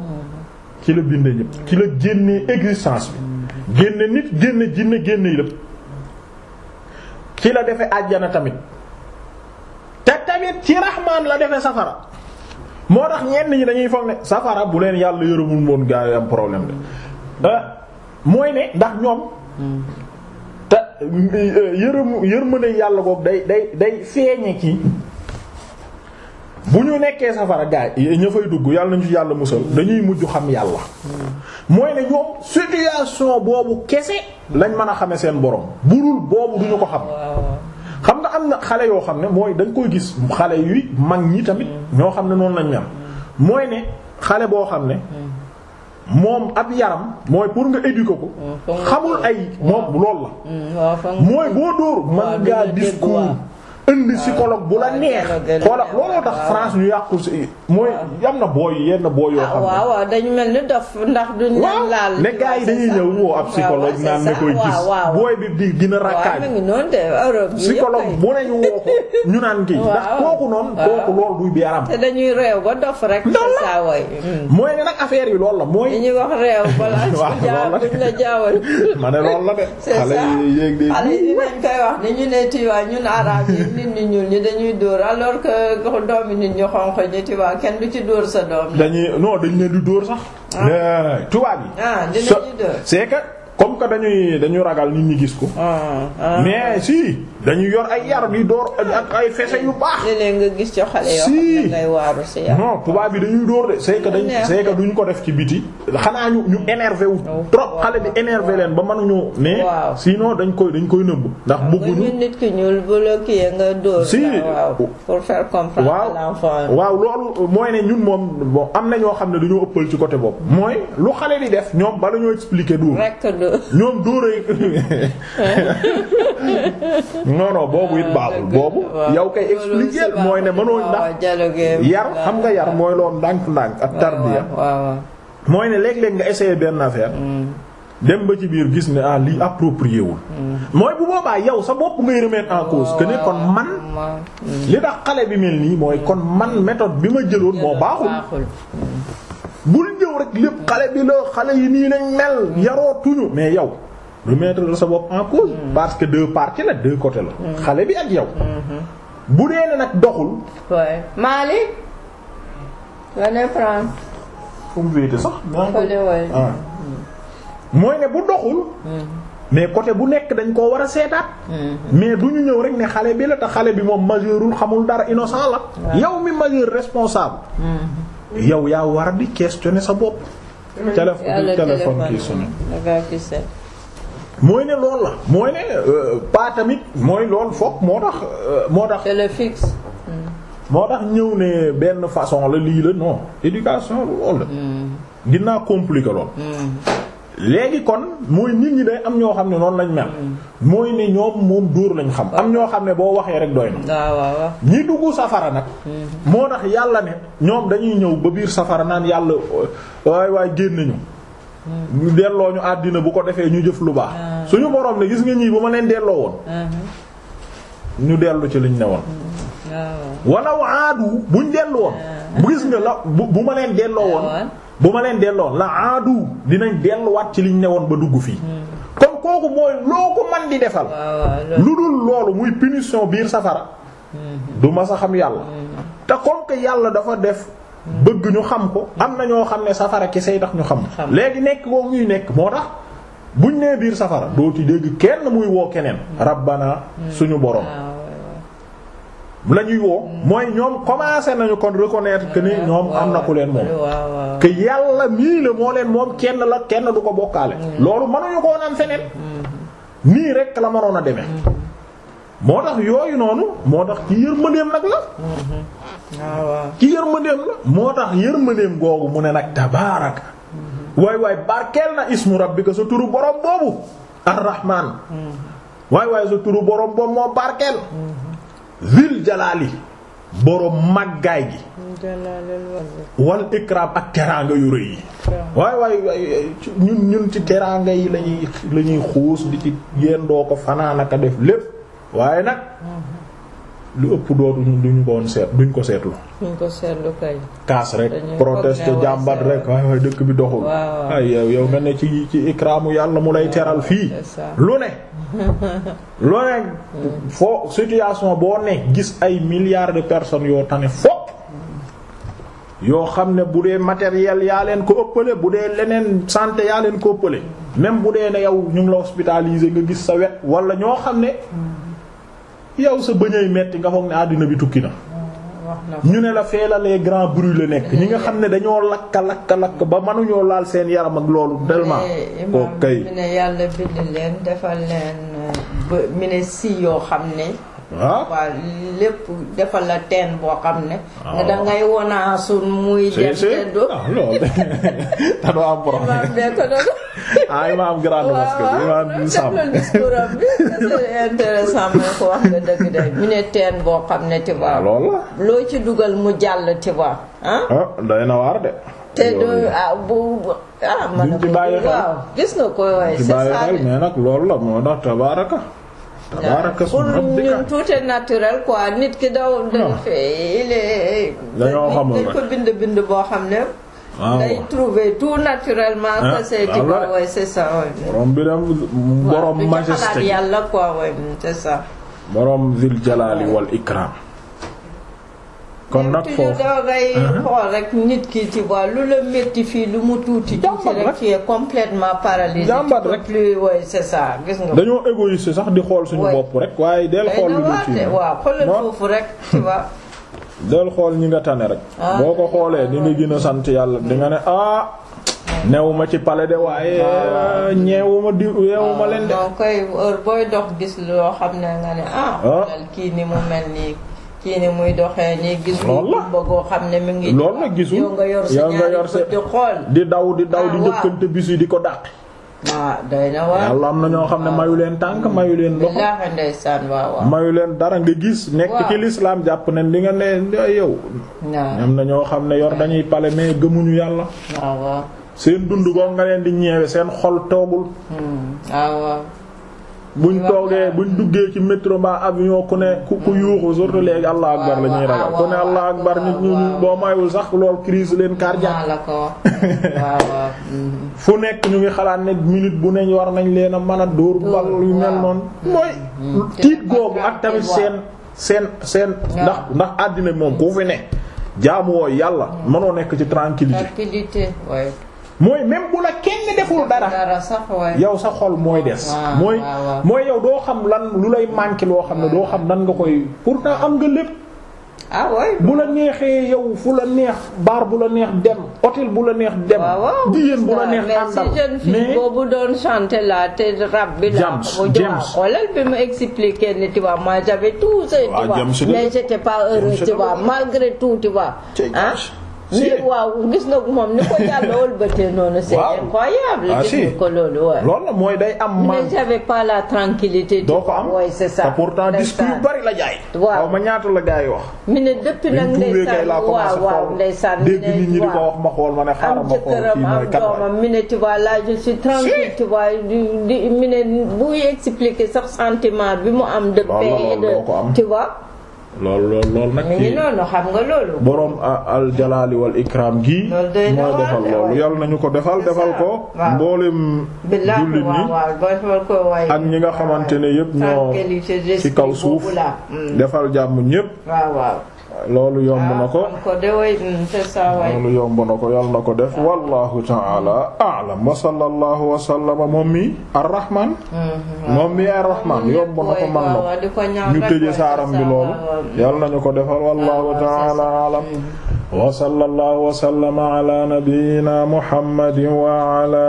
ci la binde ci la génnee existence bi génne nit génne jinne génne yépp ci la defe àjjana tamit te tamit ci rahmaan la defe safara moo tax ñenn ñi dañuy foog ne safara bu leen yàlla yërëmul woon gaa yi am problème de eh, mooy ne ndax ñoom te eh, yërëm yërmande yàlla boobu day day day feeñe ci bu ñu nekkee safara gaa yi ña dugg yàlla nañu ci yàlla musal dañuy mujj xam yàlla mooy ne ñoom situation boobu kese lañ mën a xame seen borom burul boobu duñu ko xam am na xale yoo xam ne mooy dañ nga koy gis xale yuy mag ñi tamit ñoo xam ne noonu lañ am mooy ne xale boo xam ne moom ab yaram mooy pour nga éduquer ko mm, xamul ay moom mm. loolu la mm, mooy boo dóor man ngaa discours indi psychologue bu la ah, neex. xoola looloo tax France ñu yàqu si mooy yam na booy yenn booy yoo xam ne. Ah, waaw waaw dañu mel ni dof ndax duñu laal. ne gars yi dañuy ñëw woo ab psychologue naan ne koy gis. booy bi di gën a rakkaaj. psychologue bu ne ñu woo ko ñu naan kii. ndax kooku noonu. kooku loolu duy bi yaram. te dañuy réew ba dof rek. Hmm. mooy ne nag affaire yi lool la mooy. ñu wax réew balaa buñ la ma ne loolu la de. xale yéeg de. xale dañ koy wax ne ñu ne tiwa ñun arabe yi nit ñu ñuul ñi dañuy dóor alors que doomi nit ñu xonq ñi tubaab kenn du ci dóor sa doom. dañuy non dañ leen di dóor sax. Ah. Eh, tubaab yi. ah dinañu dóor c'est comme que dañuy dañu ragal nit ñi gis ko. Ah, ah. mais si. dañuy yor ay yar di door ak ay fese yu baax. léeg-léeg nga gis ci xale yoo xam ne ngay waaru ci yar. non tubaab bi dañuy door de c'est dañ c'est que duñ ko def ci biti. xanaa ñu ñu énervé wu. Oh, trop xale bi énervé leen ba mënuñu. mais sinon dañ koy dañ koy nëbb. ndax bëgguñu waaw nit ki ñuul bu la kii nga door. si waaw pour faire waaw loolu mooy ne ñun moom bon am na ñoo xam ne dañoo ëppal ci côté bopp mooy lu xale di def ñoom bala ñoo expliquer dóor. rek dóor ñoom dóor non non boobu it baaxul boobu yow kay expliquer mooy ne mënoo ndax yar xam nga yar mooy loolu ndànk-ndànk ak tarbiya mooy ne léeg-léeg nga essayer benn affaire mm. dem ba ci biir gis ne ah lii approprié wul mm. mooy bu boobaa yow sa bopp ngay remettre en cause que ne kon man mm. li tax xale bi mel nii mooy kon man méthode bi ma jëloon moo baaxul bul ñëw rek lépp xale bi la xale yi nii lañ mel yarootuñu mais yow remettre sa bopp en cause. Mm. parce que deux parties la deux côtés la. Mm. xale bi ak yow. Mm-hmm. bu dee ne nag doxul. waay Mali. nga ne France. fu ah. mm. mooy ne bu doxul. mais côté bu nekk dañ koo war a seetaat. Mm-hmm. mais du ñu ñëw rek ne xale bi la te xale bi moom majeurul xamul dara innocent la. yow mi majeur responsable. Mm-hmm. yow yaa war di questionner sa bopp. téléphone téléphone mooy ne loolu la mooy ne euh, pas tamit mooy loolu foog moo tax euh, moo tax. c'est le fixe. Hmm. ñëw ne benn façon la lii la non éducation loolu la. dinaa compliquer lool. Hmm. Hmm. léegi kon mooy nit ñi day am ñoo xam ne noonu lañ mel. mooy ne ñoom moom dóor lañ xam. am ñoo xam ne boo waxee rek doy na. Ah, ñi dugg safara nag. moo tax yàlla ne ñoom dañuy ñëw ba biir safara naan yàlla waay waay génn ñu. ñu delloo ñu àddina bu ko defee ñu jëf lu baax ah. suñu borom ne gis nga ñii bu ma leen delloo woon ah. ñu dellu ci liñ ne woon mm-hmm. ah. wala aadu buñ dellu woon bu gis nga la bu ma leen delloo woon bu ma leen delloo woon la aadu dinañ delluwaat ci liñ ne woon ba dugg fii mm. kon kooku mooy loo ko man di defal lu dul loolu muy punition biir safara mm-hmm. du ma sa xam yàlla mm-hmm. te comme que yàlla dafa def bëgg ñu xam ko am na ñoo xam ne safara kese tax ñu xam léegi nekk ko ñuy nekk moo tax buñ nee biir safara dooti dégg kenn muy woo keneen mm. rabbana mm. suñu borom ah, la ñuy woo mm. mooy ñoom commencé nañu ko reconnaître que ñoom am na ku leen moom que yàlla mii moo leen moom kenn la kenn du ko bokkaale loolu mënuñu ko woon am feneen nii rek la mënoon a demee moo tax yooyu noonu moo tax ci yërmandeem nag la ci yërmandeem la moo tax yërmandeem googu mu ne nag tabaaraka waay waay barkeel na ismu rabbika sa turu borom boobu arrahman waaye waay sa turu borom boobu moo barkeel zil jalaali borom màggaay gi wal ikraam ak teraanga yu rëy yi waay waay ñun ñun ci teraanga yi lañuy lañuy xuus di ci yendoo ko fanaanaka def lépp waaye nag lu ëpp dootuñu duñ ko woon seet duñ ko seetlu. duñ ko seetlu kay. kaas rek proteste jàmbat rek waaye waaye dëkk bi doxul. ay yow yow nga ne ci ci ikraamu yàlla mu lay teral fii. lu ne. lu ne foo situation boo ne gis ay milliards de personnes yoo tane fopp. yoo xam ne bu dee matériel yaa leen ko ëppale bu dee leneen santé yaa leen ko ëppale. même bu dee ne yow ñu ngi la hospitalisé nga gis sa wet walla ñoo xam ne. Mm. yow sa bëñay metti nga foog ne àddina bi tukki na ñu ne la fee grand les grands nekk ñi nga xam ne dañoo lakka lakka lakk ba mënuñoo laal seen yaram ak loolu tellement kooku kay mu ne yàlla bind leen defal leen euh, mu ne si yoo xam ne waaw ah. waaw lépp defal la teen boo xam ne. Ah, ne da muy. dem te du ah loolu da doo am problème. imaam ah, am boo xam ne Tivaouane. loolu la loo ci dugal mu jàll Tivaouane. day na waar de. te du bu bu ah. man ci bàyyi waaw gis nga ko waaye. c'est ça mais nag loolu la moo tax tabaaraka tabaaraka suma rabbika ñun naturel quoi nit ki daw dañ fee il est dañoo xamul dañ ko bind bind boo xam ne ah, waaw day trouver tout naturellement. ah waaw c'est ça. borom bi dem borom majesté. waaw yàlla quoi c'est ça. borom zil jalaali wal ikram. kon nag foofu dangay uh-huh. xool rek nit ki ci waa lu la métti fii lu mu tuuti. jàmbat rek ci complètement paralysé. jàmbat rek lu woy c'est ça gis nga. dañoo égoïste sax di xool suñu bopp rek. waaye del xool lu ñu ci waaw xoolal foofu rek tu vois. del xool ñi nga tane rek. Ah. boo ko xoolee di nga gën sant yàlla di nga ne ah. newuma ci pale de waaye ñeewuma di ñeewuma ah, leen de. donc koy booy dox gis loo xam ne nga ne ah. ah. kii ni mu mel nii. kii ni muy doxee nii gis. xam ne mi ngi. loolu la gisul yow nga yor sa ñaari di xool. di daw di daw di ah, njëkkante bis yi di ko dàq. waaw ah, day na am na ñoo xam ne ah. mayu leen tànk mayu leen loxo. ndeysaan waaw waaw mayu leen dara nga gis. nekk ci lislaam jàpp ne li nga ne yow. am na ñoo xam ne yor dañuy pale mais gëmuñu yàlla. seen dund boo nga leen di ñeewe seen xol toogul. Hmm. buñ toogee buñ duggee ci métro mbaa avion ku ne ku ku yuuxu surtout léegi allah akbar la ñuy ragal ku ne allah akbar ñu ñu boo mayul sax lool crise leen cardiaque mhm. fu nekk ñu ngi xalaat ne minute bu ne war nañ leen a mën a dóor bal yu mel noonu mooy mhm. tiit googu ak tamit seen seen seen ndax ndax àddina moom ku fi ne jaamu wooy yàlla mënoo nekk ci tranquillité mooy même bu la kenn deful dara yow sa xol mooy des mooy mooy yow doo xam lan lu lay manqué loo xam ne doo xam nan nga koy pour pourtant am nga lépp ah, bu la neexee yow fu la neex baar bu la neex dem hôtel bu la neex dem. waaw jigéen bu la neex àndal mais si jeune fille boobu doon chanter la te rap bi la. James James xoolal bi mu expliquer ne tu vois moi j'avais tout ça. tu ah, mais j'étais pas heureux tu vois malgré tout tu ah. si waaw gis nga moom ni ko yàlla wëlbatee noonu. c'est incroyable. ah si ko loolu waaw. loolu mooy day am man la tranquillité. doo ko am c'est ça te pourtant disque yu bari la jaay. waaw ma ñaata la gars yi wax. mi ne depuis nag ndeysaan waaw waaw ndeysaan dégg nit ma xool ma ne xaaral ma xool kii mooy di mi ne buy expliquer sax sentiment bi mu am. de paix loolu loolu loolu nag. kii noonu xam nga loolu. borom al jalaali wal ikram gii. moo defal loolu yal nañu ko defal defal ko. mboolem. jullit ñi ak ñi nga xamante ne yëpp ñoo. ci kaw suuf. Hmm. defal jàmm ñépp loolu yomb na ko ah, mm, yomb na ko yal na ko def ah. wallahu ta'ala a'lam wa sallallahu wa sallama moom mi ar-rahman mm-hmm. moom mi ar-rahman mm-hmm. ko man bi loolu yal nañu ko defal wallahu ah, ta'ala a'lam mm-hmm. wa sallallahu wa sallama ala nabiyyina muhammadin wa ala